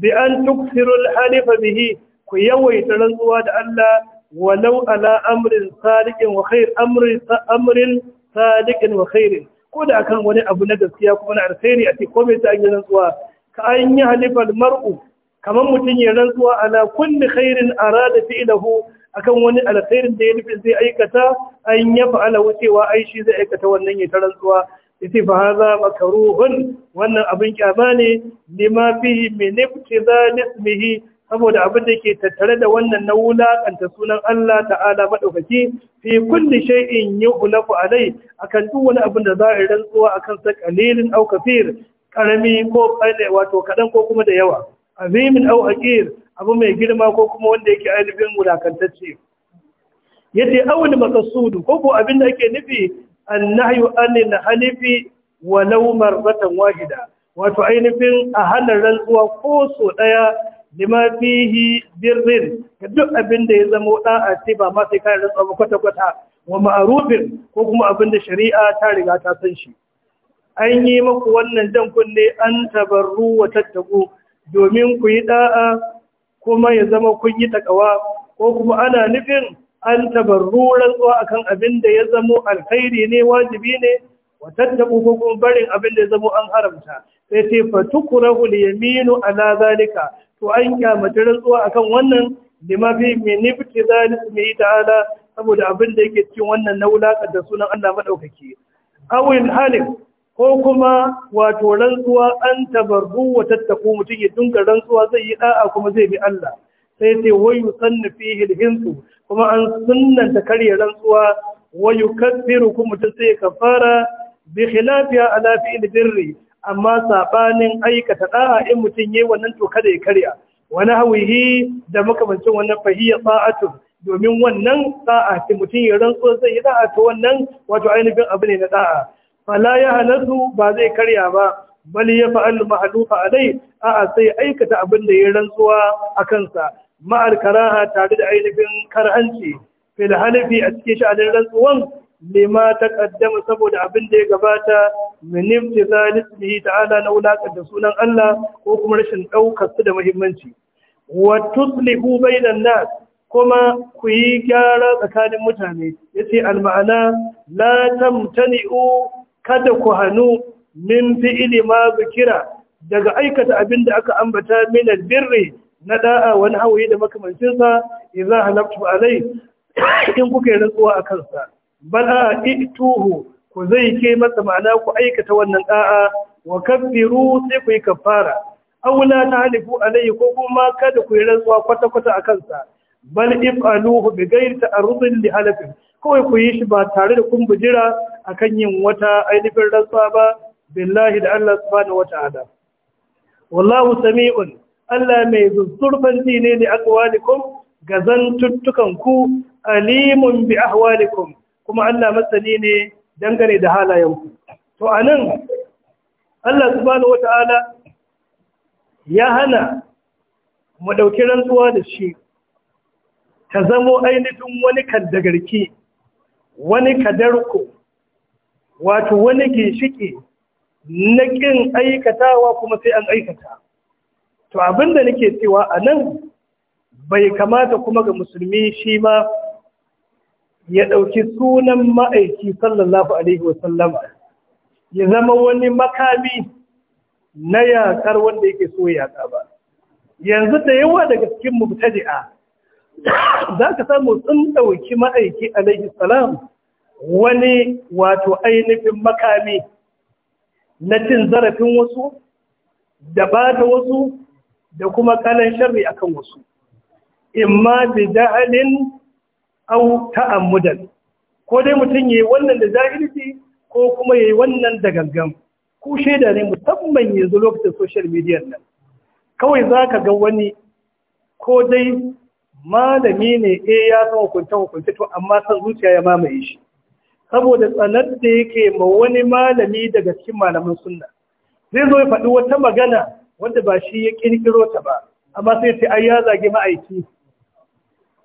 S1: bi an tuksirul halifa bihi ku yawaita rantsuwa da Allah walau ala amrin sadiqin wa khair amrin amrin sadiqin wa khairin ko da akan wani abu na gaskiya kuma na alkhairi a ce komai ta yi rantsuwa ka an yi halifar mar'u kamar mutum ya rantsuwa ana kulli khairin arada fi'lahu akan wani alkhairin da ya nufin zai aikata an ya fa'ala wucewa ai shi zai aikata wannan ya ta rantsuwa yace fa makruhun wannan abin kyama ne lima fihi min ibtidal ismihi saboda abin da ke tattare da wannan na wulakanta sunan Allah ta'ala madaukaki fi kulli shay'in yuhlafu alai akan duk wani abin da za a rantsuwa akan sa qalilin aw kafir karami ko wato kadan ko kuma da yawa azimin aw aqir abu mai girma ko kuma wanda yake ainihin wulakantacce yadda awul maqsudu ko ko abin da ake nufi annahyu anil halifi walau marratan wahida wato ainihin a hana rantsuwa ko so daya lima fihi birrin ga duk abin da ya zama da'a ce ba ma sai kai rantsa kwata kwata wa ma'arufin ko kuma abin da shari'a ta riga ta san shi an yi maku wannan jan kunne an tabarru wa tattabu domin ku yi da'a kuma ya zama kun yi takawa ko kuma ana nufin an tabarru rantsuwa akan abin da ya zama alkhairi ne wajibi ne wa tattabu ko kuma barin abin da ya zamo an haramta sai fa yaminu ala zalika to an kyamata rantsuwa akan wannan lima fi min nifti zalis mai ta'ala saboda abin da yake cikin wannan na wulakar da sunan Allah madaukaki awil halin ko kuma wato rantsuwa an tabarbu wa tattako mutum ya dinga rantsuwa zai yi ɗa'a kuma zai bi Allah sai sai wayu sanna fihi alhinsu kuma an sunanta karya rantsuwa wayu kafiru kuma mutum sai kafara bi a ala fi'il birri amma sabanin aikata da'a in mutum yayi wannan to kada ya karya wani hawihi da makamancin wannan fahiyya sa'atu domin wannan sa'a ce mutum ya rantso zai yi da'a ta wannan wato ainihin abu ne na da'a fala ya halatu ba zai karya ba bal ya fa'al mahlufa alai a'a sai aikata abin da ya rantsuwa a kansa ma'al karaha tare da ainihin karhanci fil a cikin sha'anin rantsuwan lima ta kaddama saboda abin da ya gabata minif ta zalismihi ta'ala na wulaka da sunan Allah ko kuma rashin ɗaukar su da muhimmanci wa tuslihu bainan nas kuma ku yi gyara tsakanin mutane yace al-ma'ana la tamtani'u kada ku hanu min fi'li ma zikira daga aikata abin da aka ambata min albirri na da'a wani hawaye da makamancinsa idan halaftu alai in kuka yi rantsuwa a kansa bala ituhu ku zai ke masa ma'ana ku aikata wannan da'a wa kabbiru sai ku yi kafara aula ta halifu alayhi ko kuma kada ku yi rantsuwa kwata kwata a kansa bal if'aluhu bi ghairi ta'arrudin li halafin kawai ku yi shi ba tare da kun bujira akan yin wata ainihin rantsuwa ba billahi da Allah subhanahu wata'ala wallahu sami'un Allah mai zuzzurfan ne ne akwalikum gazan tuttukan ku alimun bi ahwalikum kuma Allah masani ne dangane da halayenku to anan Allah subhanahu wata'ala ya hana mu dauki rantsuwa da shi ta zamo ainihin wani kaddagarki wani kadarko wato wani ginshiki na ƙin aikatawa kuma sai an aikata to abinda nake cewa a nan bai kamata kuma ga musulmi shi ma ya ɗauki sunan ma'aiki sallallahu alaihi wasallama ya zama wani makami na yaƙar wanda yake so yaƙa ba yanzu da yawa daga cikin mubtadi'a za ka samu sun ɗauki ma'aiki alaihi salam wani wato ainihin makami na cin zarafin wasu da ba da wasu da kuma kalan shari'a kan wasu imma bi da'alin au ta'ammudan ko dai mutum yayi wannan da jahilci ko kuma yayi wannan da gangan ku sheda ne musamman yanzu lokacin social media nan kawai zaka ga wani ko dai malami ne eh ya san hukunta hukunta to amma san zuciya ya mamaye shi saboda tsanar da yake ma wani malami daga cikin malaman sunna zai zo ya faɗi wata magana wanda ba shi ya kirkiro ta ba amma sai ya ce ai ya zage ma'aiki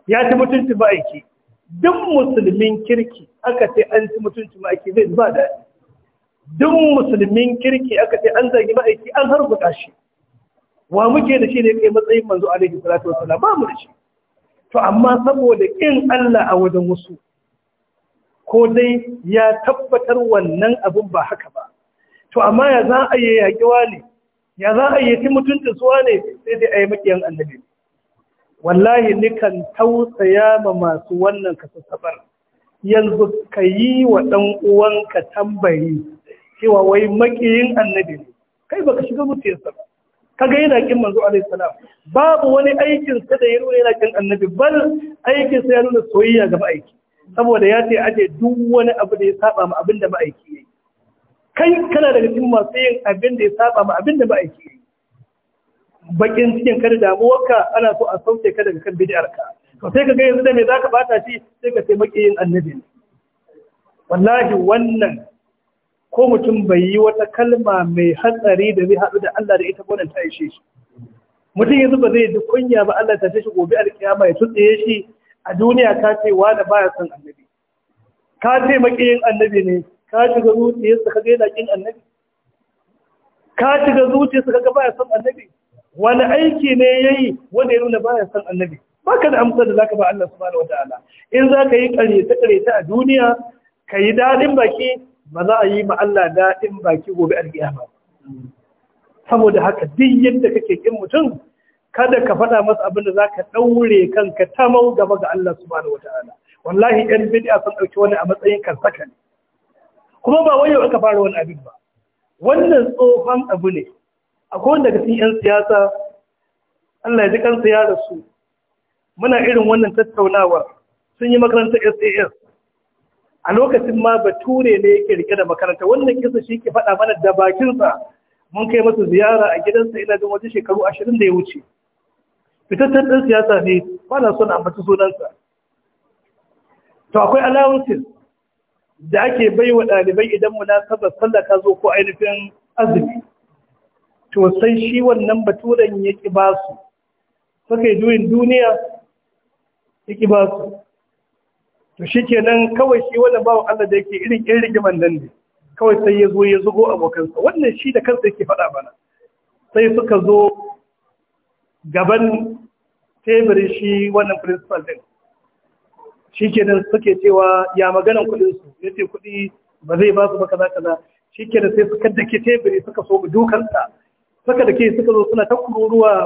S1: ya ci mutunci ma'aiki duk musulmin kirki aka ce an ci mutunci ma'aiki zai ba daɗi duk musulmin kirki aka ce an zagi ma'aiki an harbuta shi wa muke da shi ne kai matsayin manzo alaihi salatu wassalam ba mu da shi to amma saboda kin Allah a wajen wasu ko dai ya tabbatar wannan abin ba haka ba to amma ya za a yi yaƙi wani ya za a yi ti mutunta suwa ne sai dai a yi maƙiyan annabi wallahi nikan tausaya ma masu wannan kasasabar yanzu ka yi wa ɗan uwanka tambayi cewa wai makiyin annabi ne kai baka shiga mutunsa ba ga yana kin manzo alaihi salam babu wani aikin sa da ya nuna yana kin annabi bal aikin sa ya nuna soyayya ga ma'aiki saboda ya ce aje duk wani abu da ya saba ma abin da ma'aiki yayi kai kana daga cikin masu yin abin da ya saba ma abin da ma'aiki yayi bakin cikin kada damuwarka ana so a sauke ka daga kan bid'arka to sai ka ga yanzu da me zaka bata shi sai ka sai makiyin annabi wallahi wannan ko mutum bai yi wata kalma mai hatsari da zai haɗu da Allah da ita wannan ta yi shi mutum yanzu ba zai ji kunya ba Allah ta ce shi gobe alkiyama ya tutsaye shi a duniya ka ce da baya son annabi ka ce makiyin annabi ne ka shiga zuciyarsa ka ga yana kin annabi ka shiga zuciyarsa ka ga baya son annabi wani aiki ne yayi wanda ya nuna baya san annabi Ba ka da amsar da zaka ba Allah wata ala. in za ka yi kareta kareta a duniya ka yi daɗin baki ba za a yi ma Allah daɗin baki gobe ba. saboda haka duk yadda kake kin mutum kada ka faɗa masa abin da zaka ɗaure kanka tamau gaba ga Allah wata ala. wallahi yan bidiya sun ɗauki wani a matsayin karsaka ne kuma ba ya aka fara wani abin ba wannan tsohon abu ne akwai wanda ga yan siyasa Allah ya ji kansu ya rasu muna irin wannan tattaunawa sun yi makaranta SAS a lokacin ma bature ne yake rike da makaranta wannan kisa shi ke faɗa mana da bakinsa mun kai masa ziyara a gidansa ina jin wajen shekaru ashirin da ya wuce Fitattun ɗin siyasa ne ba na son ambaci sunansa to akwai allowances da ake bai wa ɗalibai idan munasabar sallah ka zo ko ainihin azumi to sai shi wannan baturen ya ƙi ba su suka yi juyin duniya ya ƙi ba su to shi ke nan kawai shi wannan bawan Allah da yake irin irin rigiman nan ne kawai sai ya zo ya zugo abokansa wannan shi da kansa yake faɗa mana sai suka zo gaban teburin shi wannan principal din shi nan suke cewa ya maganan kudinsu ya ce kudi ba zai ba su ba kaza kaza shi nan sai suka dake teburi suka so dukansa Saka da ke suka zo suna takururuwa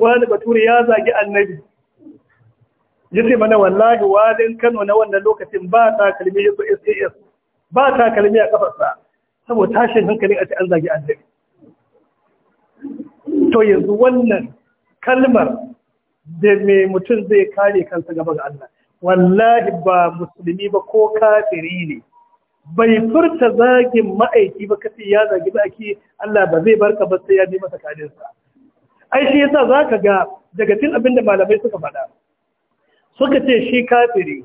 S1: wani bature ya zagi annabi ya ce mana wallahi walin kano na wannan lokacin ba ta kalmi ya sas ba ta kalmi a kafarsa saboda tashin hankali a ce an zagi annabi to yanzu wannan kalmar da mai mutum zai kare kansa gaba ga Allah wallahi ba musulmi ba ko kafiri ne bai furta zagin ma'aiki ba kace ya zagi ba ake Allah ba zai barka ba sai ya bi masa kadinsa ai shi yasa ka ga daga cikin abin da malamai suka faɗa suka ce shi kafiri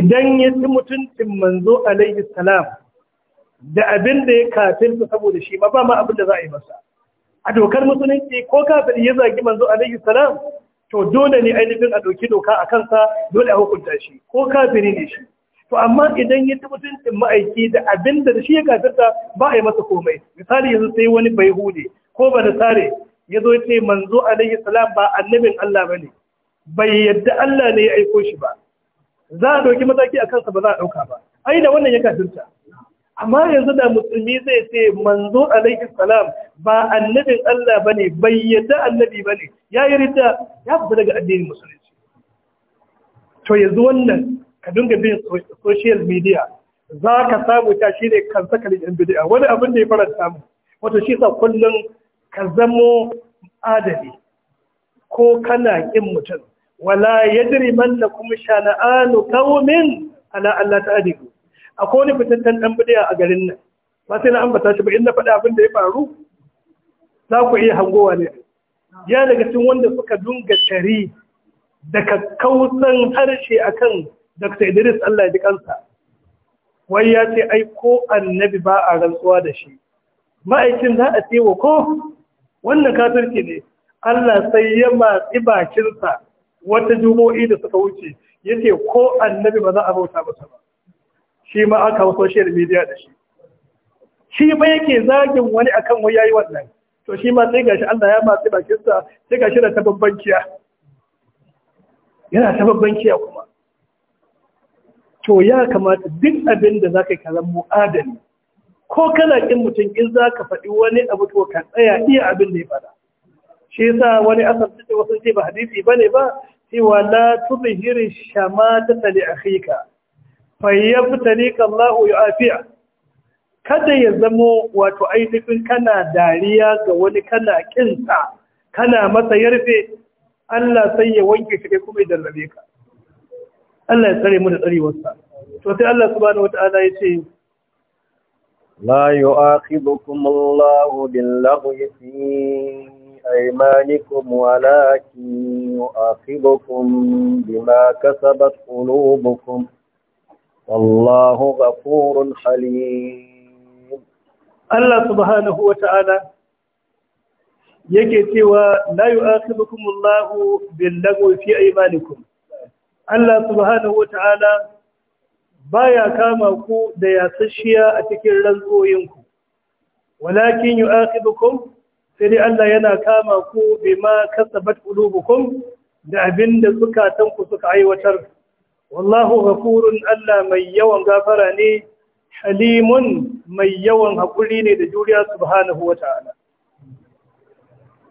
S1: idan ya ci mutuncin manzo alaihi salam da abin da ya su saboda shi ba ba ma abin da za a yi masa a dokar musulunci ko kafiri ya zagi manzo alaihi salam to dole ne ainihin a ɗauki doka a kansa dole a hukunta shi ko kafiri ne shi to amma idan ya ta mutuncin ma'aiki da abin da shi ya gafirta ba a yi masa komai misali yanzu sai wani bai hude ko ba da tsare ya zo ce manzo alaihi salam ba annabin Allah ba ne. bai yadda Allah ne ya aiko shi ba za a ɗauki mataki a kansa ba za a ɗauka ba ai da wannan ya gafirta amma yanzu da musulmi zai ce manzo alaihi salam ba annabin Allah ba ne. bai yadda annabi ba ne. ya yi rita, ya fita daga addinin musulunci to yanzu wannan ka dinga bin social media za ka samu ta shi ne kan saka da yan bidiya wani abin da ya faranta wato shi sa kullum ka zamo adali ko kana kin mutum wala yajri man lakum shana'anu qaumin ala alla A akwai wani fitattun dan bidiya a garin nan ba sai na ambata shi ba in na faɗi abin da ya faru za ku iya hangowa ne ya daga cikin wanda suka dunga tari daga kakkausan harshe akan Dr. Idris Allah ji kansa wai ya ce ai ko annabi ba a rantsuwa da shi ma'aikin za a ce wa ko wannan katarki ne Allah sai ya matsi bakinsa wata jumo'i da suka wuce ya ce ko annabi ba za a bauta masa ba shi ma aka wa social media da shi shi ba yake zagin wani akan wai yayi wannan to shi ma sai gashi Allah ya matsi bakinsa sai gashi da ta yana ta kuma to ya kamata duk abin da zaka ka kalan adali ko kana ƙin mutum in za ka faɗi wani abu to ka tsaya iya abin da ya faɗa shi yasa wani asar cikin wasu ce ba hadisi ne ba cewa la tuzhir shamata li akhika fayyabtalika Allahu yu'afiya kada ya zamo wato ainihin kana dariya ga wani kana kinsa kana masa yarfe Allah sai ya wanke shi kai kuma ya jarrabe ka Allah ya tsare mu da tsarewarsa to sai Allah subhanahu wata'ala ya ce la yu'akhidukum Allahu bil-laghwi fi أيمانكم ولكن يؤاخذكم بما كسبت قلوبكم والله غفور حليم
S2: الله سبحانه
S1: وتعالى yake cewa la yu'akhidhukum Allahu bil lagwi fi aymanikum Allah subhanahu wata'ala baya kama ku da yasasshiya a cikin rantsoyinku walakin yu'aqibukum sai dai Allah yana kama ku bima kasabat qulubukum da abinda sukatanku suka aiwatar wallahu ghafurun Allah mai yawan gafara ne halimun mai yawan haƙuri ne da juriya subhanahu wata'ala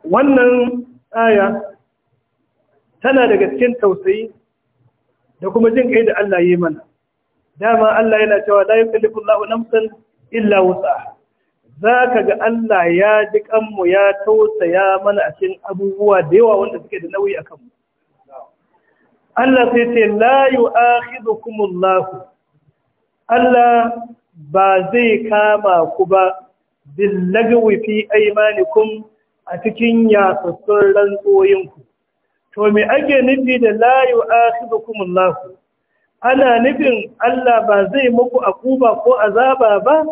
S1: wannan aya tana daga cikin tausayi da kuma jin kai da Allah yi mana dama Allah yana cewa la yukallifu Allahu nafsan illa Za zaka ga Allah ya ji kanmu ya tausaya mana a cikin abubuwa da yawa wanda suke da nauyi a kanmu? Allah sai ce la yu'akhidhukum Allah Allah ba zai kama ku ba billagwifi fi aymanikum a cikin yasassun rantsoyinku to me ake nufi da la yu'akhidukum Allah ana nufin Allah ba zai muku akuba ko azaba ba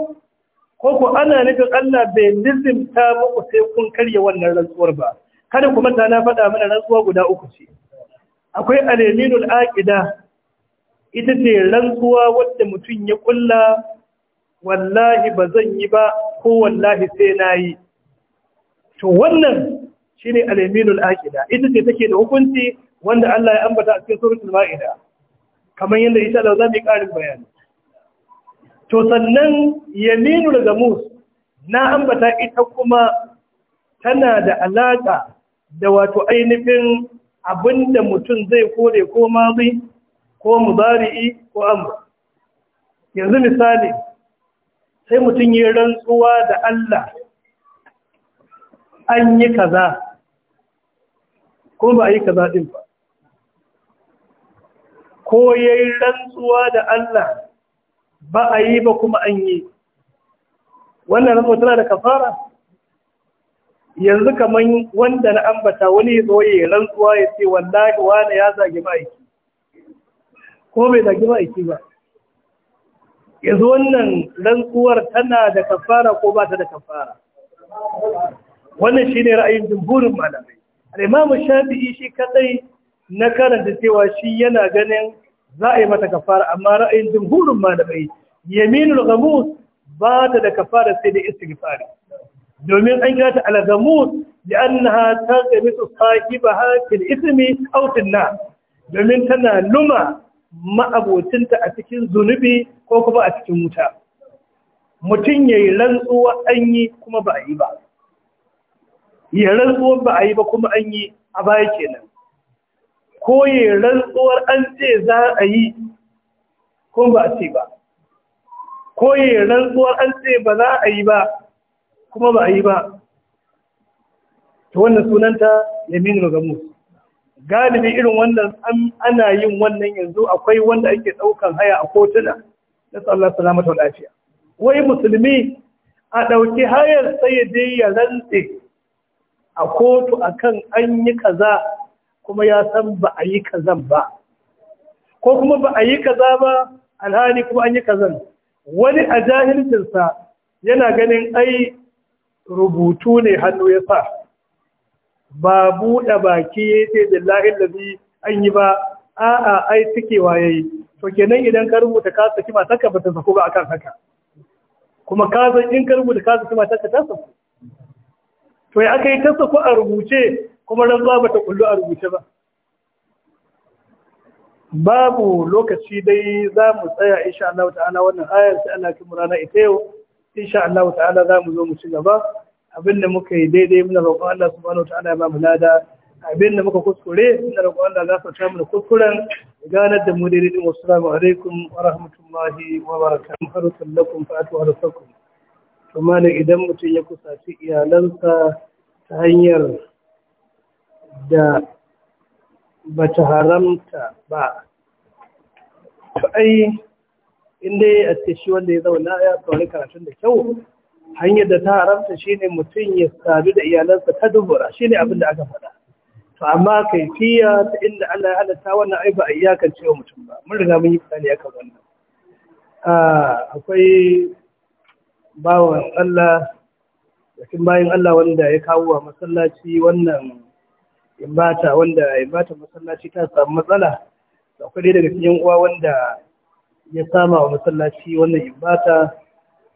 S1: ko ku ana nufin Allah bai lizimta muku sai kun karya wannan rantsuwar ba kada ku manta na faɗa mana rantsuwa guda uku ce akwai alaminul aqida ita ce rantsuwa wadda mutum ya kulla wallahi ba zan yi ba ko wallahi sai na yi to wannan shine al-yaminul aqida ita ce take da hukunci wanda Allah ya ambata a cikin suratul maida kamar yadda insha Allah za mu yi ƙarin bayani to sannan Yaminu yaminul gamus na ambata ita kuma tana da alaƙa da wato ainihin abinda mutum zai kore ko mazi ko mudari'i ko amr yanzu misali sai mutum yi rantsuwa da Allah an yi kaza Ko ba a yi ka zaɗin ba ko ya yi rantsuwa da Allah ba a yi ba kuma an yi wannan rantsuwa tana da kafara yanzu kamar wanda na ambata wani ya zoye rantsuwa ya ce wallahi wani ya zagi ma'aiki ko bai zagi ma'aiki ba yanzu wannan rantsuwar tana da kafara ko ba ta da kafara wannan shi ne ra'ayin jimhurin malamai al'imamu shafi'i shi kadai na karanta cewa shi yana ganin za a yi mata kafara amma ra'ayin jumhurin malamai yaminul ghamus ba ta da kafara sai da istighfari domin an kira ta al-gamus li'annaha taqbitu sahibaha fil ismi aw fil na, domin tana luma ma'abocinta a cikin zunubi ko kuma a cikin wuta mutum yayi rantsuwa an yi kuma ba a yi ba ya rantsuwar ba a yi ba kuma an yi a baya kenan ko ya rantsuwar an ce za a yi kuma ba a ce ba ko ya rantsuwar an ce ba za a yi ba kuma ba a yi ba ta wannan sunanta yamin rugamus galibi irin wannan ana yin wannan yanzu akwai wanda ake ɗaukar haya a kotuna na tsallar salamatar lafiya wai musulmi a ɗauki hayar sai ya ya rantse a kotu akan an yi kaza kuma ya san ba a yi kazan ba ko kuma ba a yi kaza ba alhali kuma an yi kazan wani a jahilcinsa yana ganin ai rubutu ne hannu ya sa ba buɗe baki ya ce da lazi an yi ba a'a ai suke waye yi to kenan idan ka rubuta ka saki matarka ba ta sako ba akan haka kuma ka san in ka rubuta ka saki matarka ta sako? to ya aka yi ta sako a rubuce kuma don ba ta kullu a rubuce ba babu lokaci dai za mu tsaya insha Allah ta'ala wannan ayar sai Allah ki murana ita yau insha Allah ta'ala za mu zo mu ci gaba abinda muka yi daidai muna roƙon Allah subhanahu ta'ala ya ba mu lada abinda muka kuskure muna roƙon Allah za su ta mu kuskuren ganar da mu daidai din wassalamu alaikum wa rahmatullahi wa barakatuh lakum fa atu kuma idan mutum ya kusaci iyalansa ta hanyar da ba ta haramta ba to ai inda ya ce shi wanda ya zauna ya saurari karatun da kyau hanyar da ta haramta shi ne mutum ya sadu da iyalansa ta dubura shine abin da aka faɗa to amma kaifiya ta inda Allah ya halatta wannan ai ba a iyakance wa mutum ba mun riga mun yi bayani akan wannan ah, akwai bawan Allah cikin bayan Allah wanda ya kawo wa masallaci wannan imbata wanda imbata masallaci ta samu matsala da kwade daga cikin uwa wanda ya sama wa masallaci wannan imbata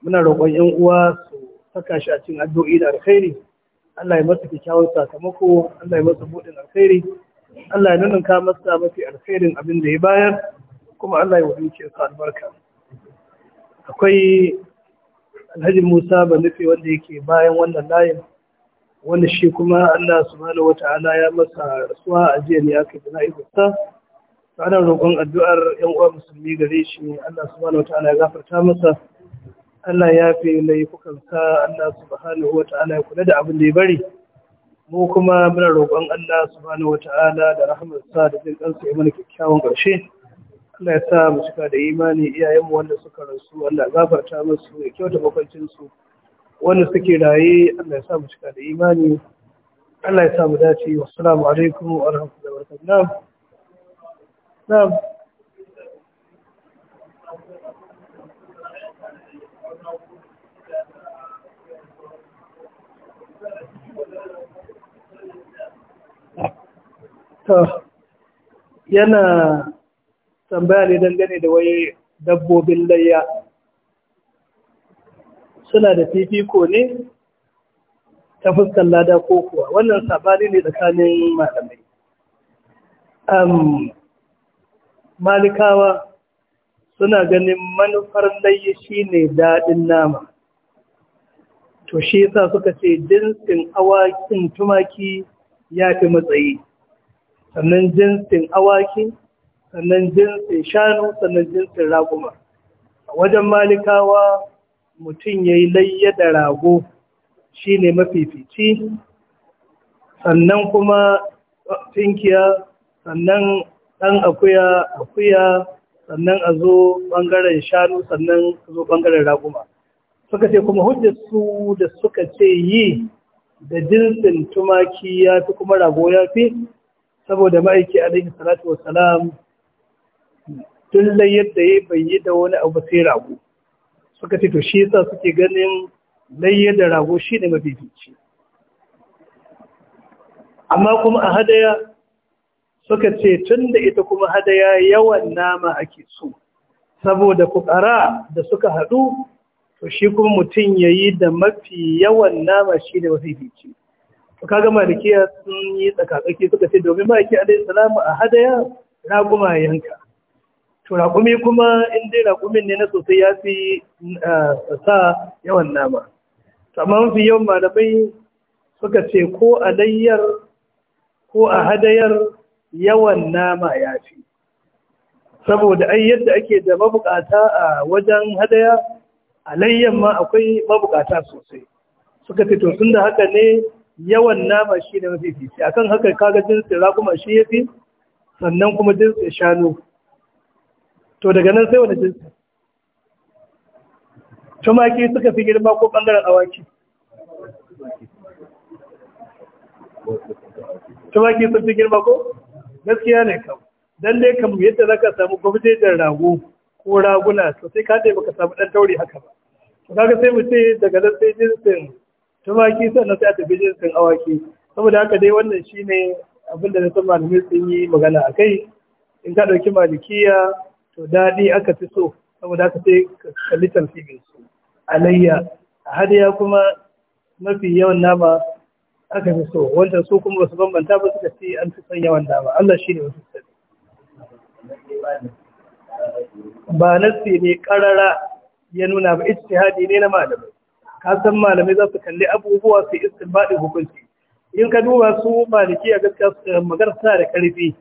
S1: muna roƙon yan uwa su saka shi a cikin addu'o'i da alkhairi Allah ya masa kyakkyawan sakamako Allah ya masa buɗin alkhairi Allah ya nuna masa mafi alkhairin abin da ya bayar kuma Allah ya wuce sa albarka akwai alhaji musa ba nufi wanda yake bayan wannan layin wanda shi kuma allah subhanahu wata'ala ya masa rasuwa a jiya ne aka jana izinsa ana roƙon addu'ar yan uwa musulmi gare shi allah subhanahu wata'ala ya gafarta masa allah ya fi laifukansa allah subhanahu wata'ala ya kula da abin da ya bari mu kuma muna roƙon allah subhanahu wata'ala da rahamarsa da jin kansa ya mana kyakkyawan ƙarshe Allah ya sa mu cika da imani iyayenmu wanda suka rasu Allah gafarta musu ya kyauta bakwancin su wanda suke raye Allah ya sa mu cika da imani Allah ya sa mu dace Salamu alaikum wa rahmatullahi wa barakatuh na'am ta yana tambaya ne dangane da wai dabbobin layya suna da fifiko ne ta fuskan lada ko kuwa wannan sabani ne tsakanin malamai malikawa suna ganin manufar layya ne daɗin nama to shi yasa suka ce jinsin awakin tumaki ya fi matsayi sannan jinsin awaki sannan jinsin shanu sannan jinsin raguma a wajen malikawa mutum ya yi layya da rago shi ne mafifici sannan kuma tinkiya sannan ɗan akuya akuya sannan a zo ɓangaren shanu sannan a zo ɓangaren raguma suka ce kuma su da suka ce yi da jinsin tumaki ya fi kuma rago ya fi saboda ma'aiki alaihi salatu wa salam. tun da da ya bai yi da wani abu sai rago suka ce to shi yasa suke ganin layyar da rago shi ne mafifici amma kuma a hadaya suka ce tun da ita kuma hadaya yawan nama ake so saboda fukara da suka haɗu to shi kuma mutum ya yi da mafi yawan nama shi ne mafifici to kaga malikiya sun yi tsakatsaki suka ce domin ma'aiki alaihi salamu a hadaya raguma yanka to raƙumi kuma in dai raƙumin ne na sosai ya fi sa yawan nama amma mafi yawan malamai suka ce ko a layyar ko a hadayar yawan nama ya fi saboda ai yadda ake da mabukata a wajen hadaya a layyan ma akwai mabukata sosai suka ce to tun da haka ne yawan nama shi ne mafi fi akan haka kaga jinsi rakuma shi ya fi sannan kuma jinsin shanu to daga nan sai wani jinsi tumaki suka fi girma ko ɓangaren awaki tumaki sun fi girma ko gaskiya ne kam dan dai kam yadda za ka samu gwamnatin rago ko raguna to sai ka baka samu ɗan tauri haka ba to kaga sai mu ce daga nan sai jinsin tumaki sannan sai a tafi jinsin awaki saboda haka dai wannan shine abin da na san malamai sun yi magana a kai in ka ɗauki malikiya to daɗi aka fi so saboda aka sai kalli mai su alayya a ya kuma mafi yawan nama aka fi so wanda su kuma ba su bambanta ba suka ce an fi son yawan nama Allah shi ne wasu sani ba nasi ne karara ya nuna ba ijtihadi ne na malamai ka san malamai za su kalli abubuwa su istinbadi hukunci in ka duba su maliki a gaskiya eh, magana suna da karfi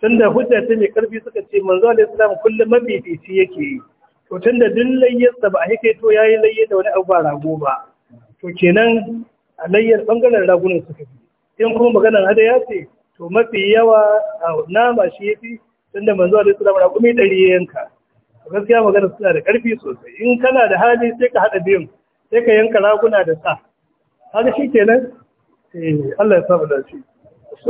S1: tunda hujja ta mai karfi suka ce manzo alaihi salam kullum mafifici yake yi to tunda duk layyarsa ba a to yayi layye da wani abu ba rago ba to kenan a layyar bangaren ragunan suka fi in kuma maganar ya ce to mafi yawa nama shi yafi tunda manzo alaihi salam raƙumi ɗari yanka gaskiya maganar suna da karfi sosai in kana da hali sai ka haɗa biyun sai ka yanka raguna da sa haka shi kenan eh Allah ya sa mu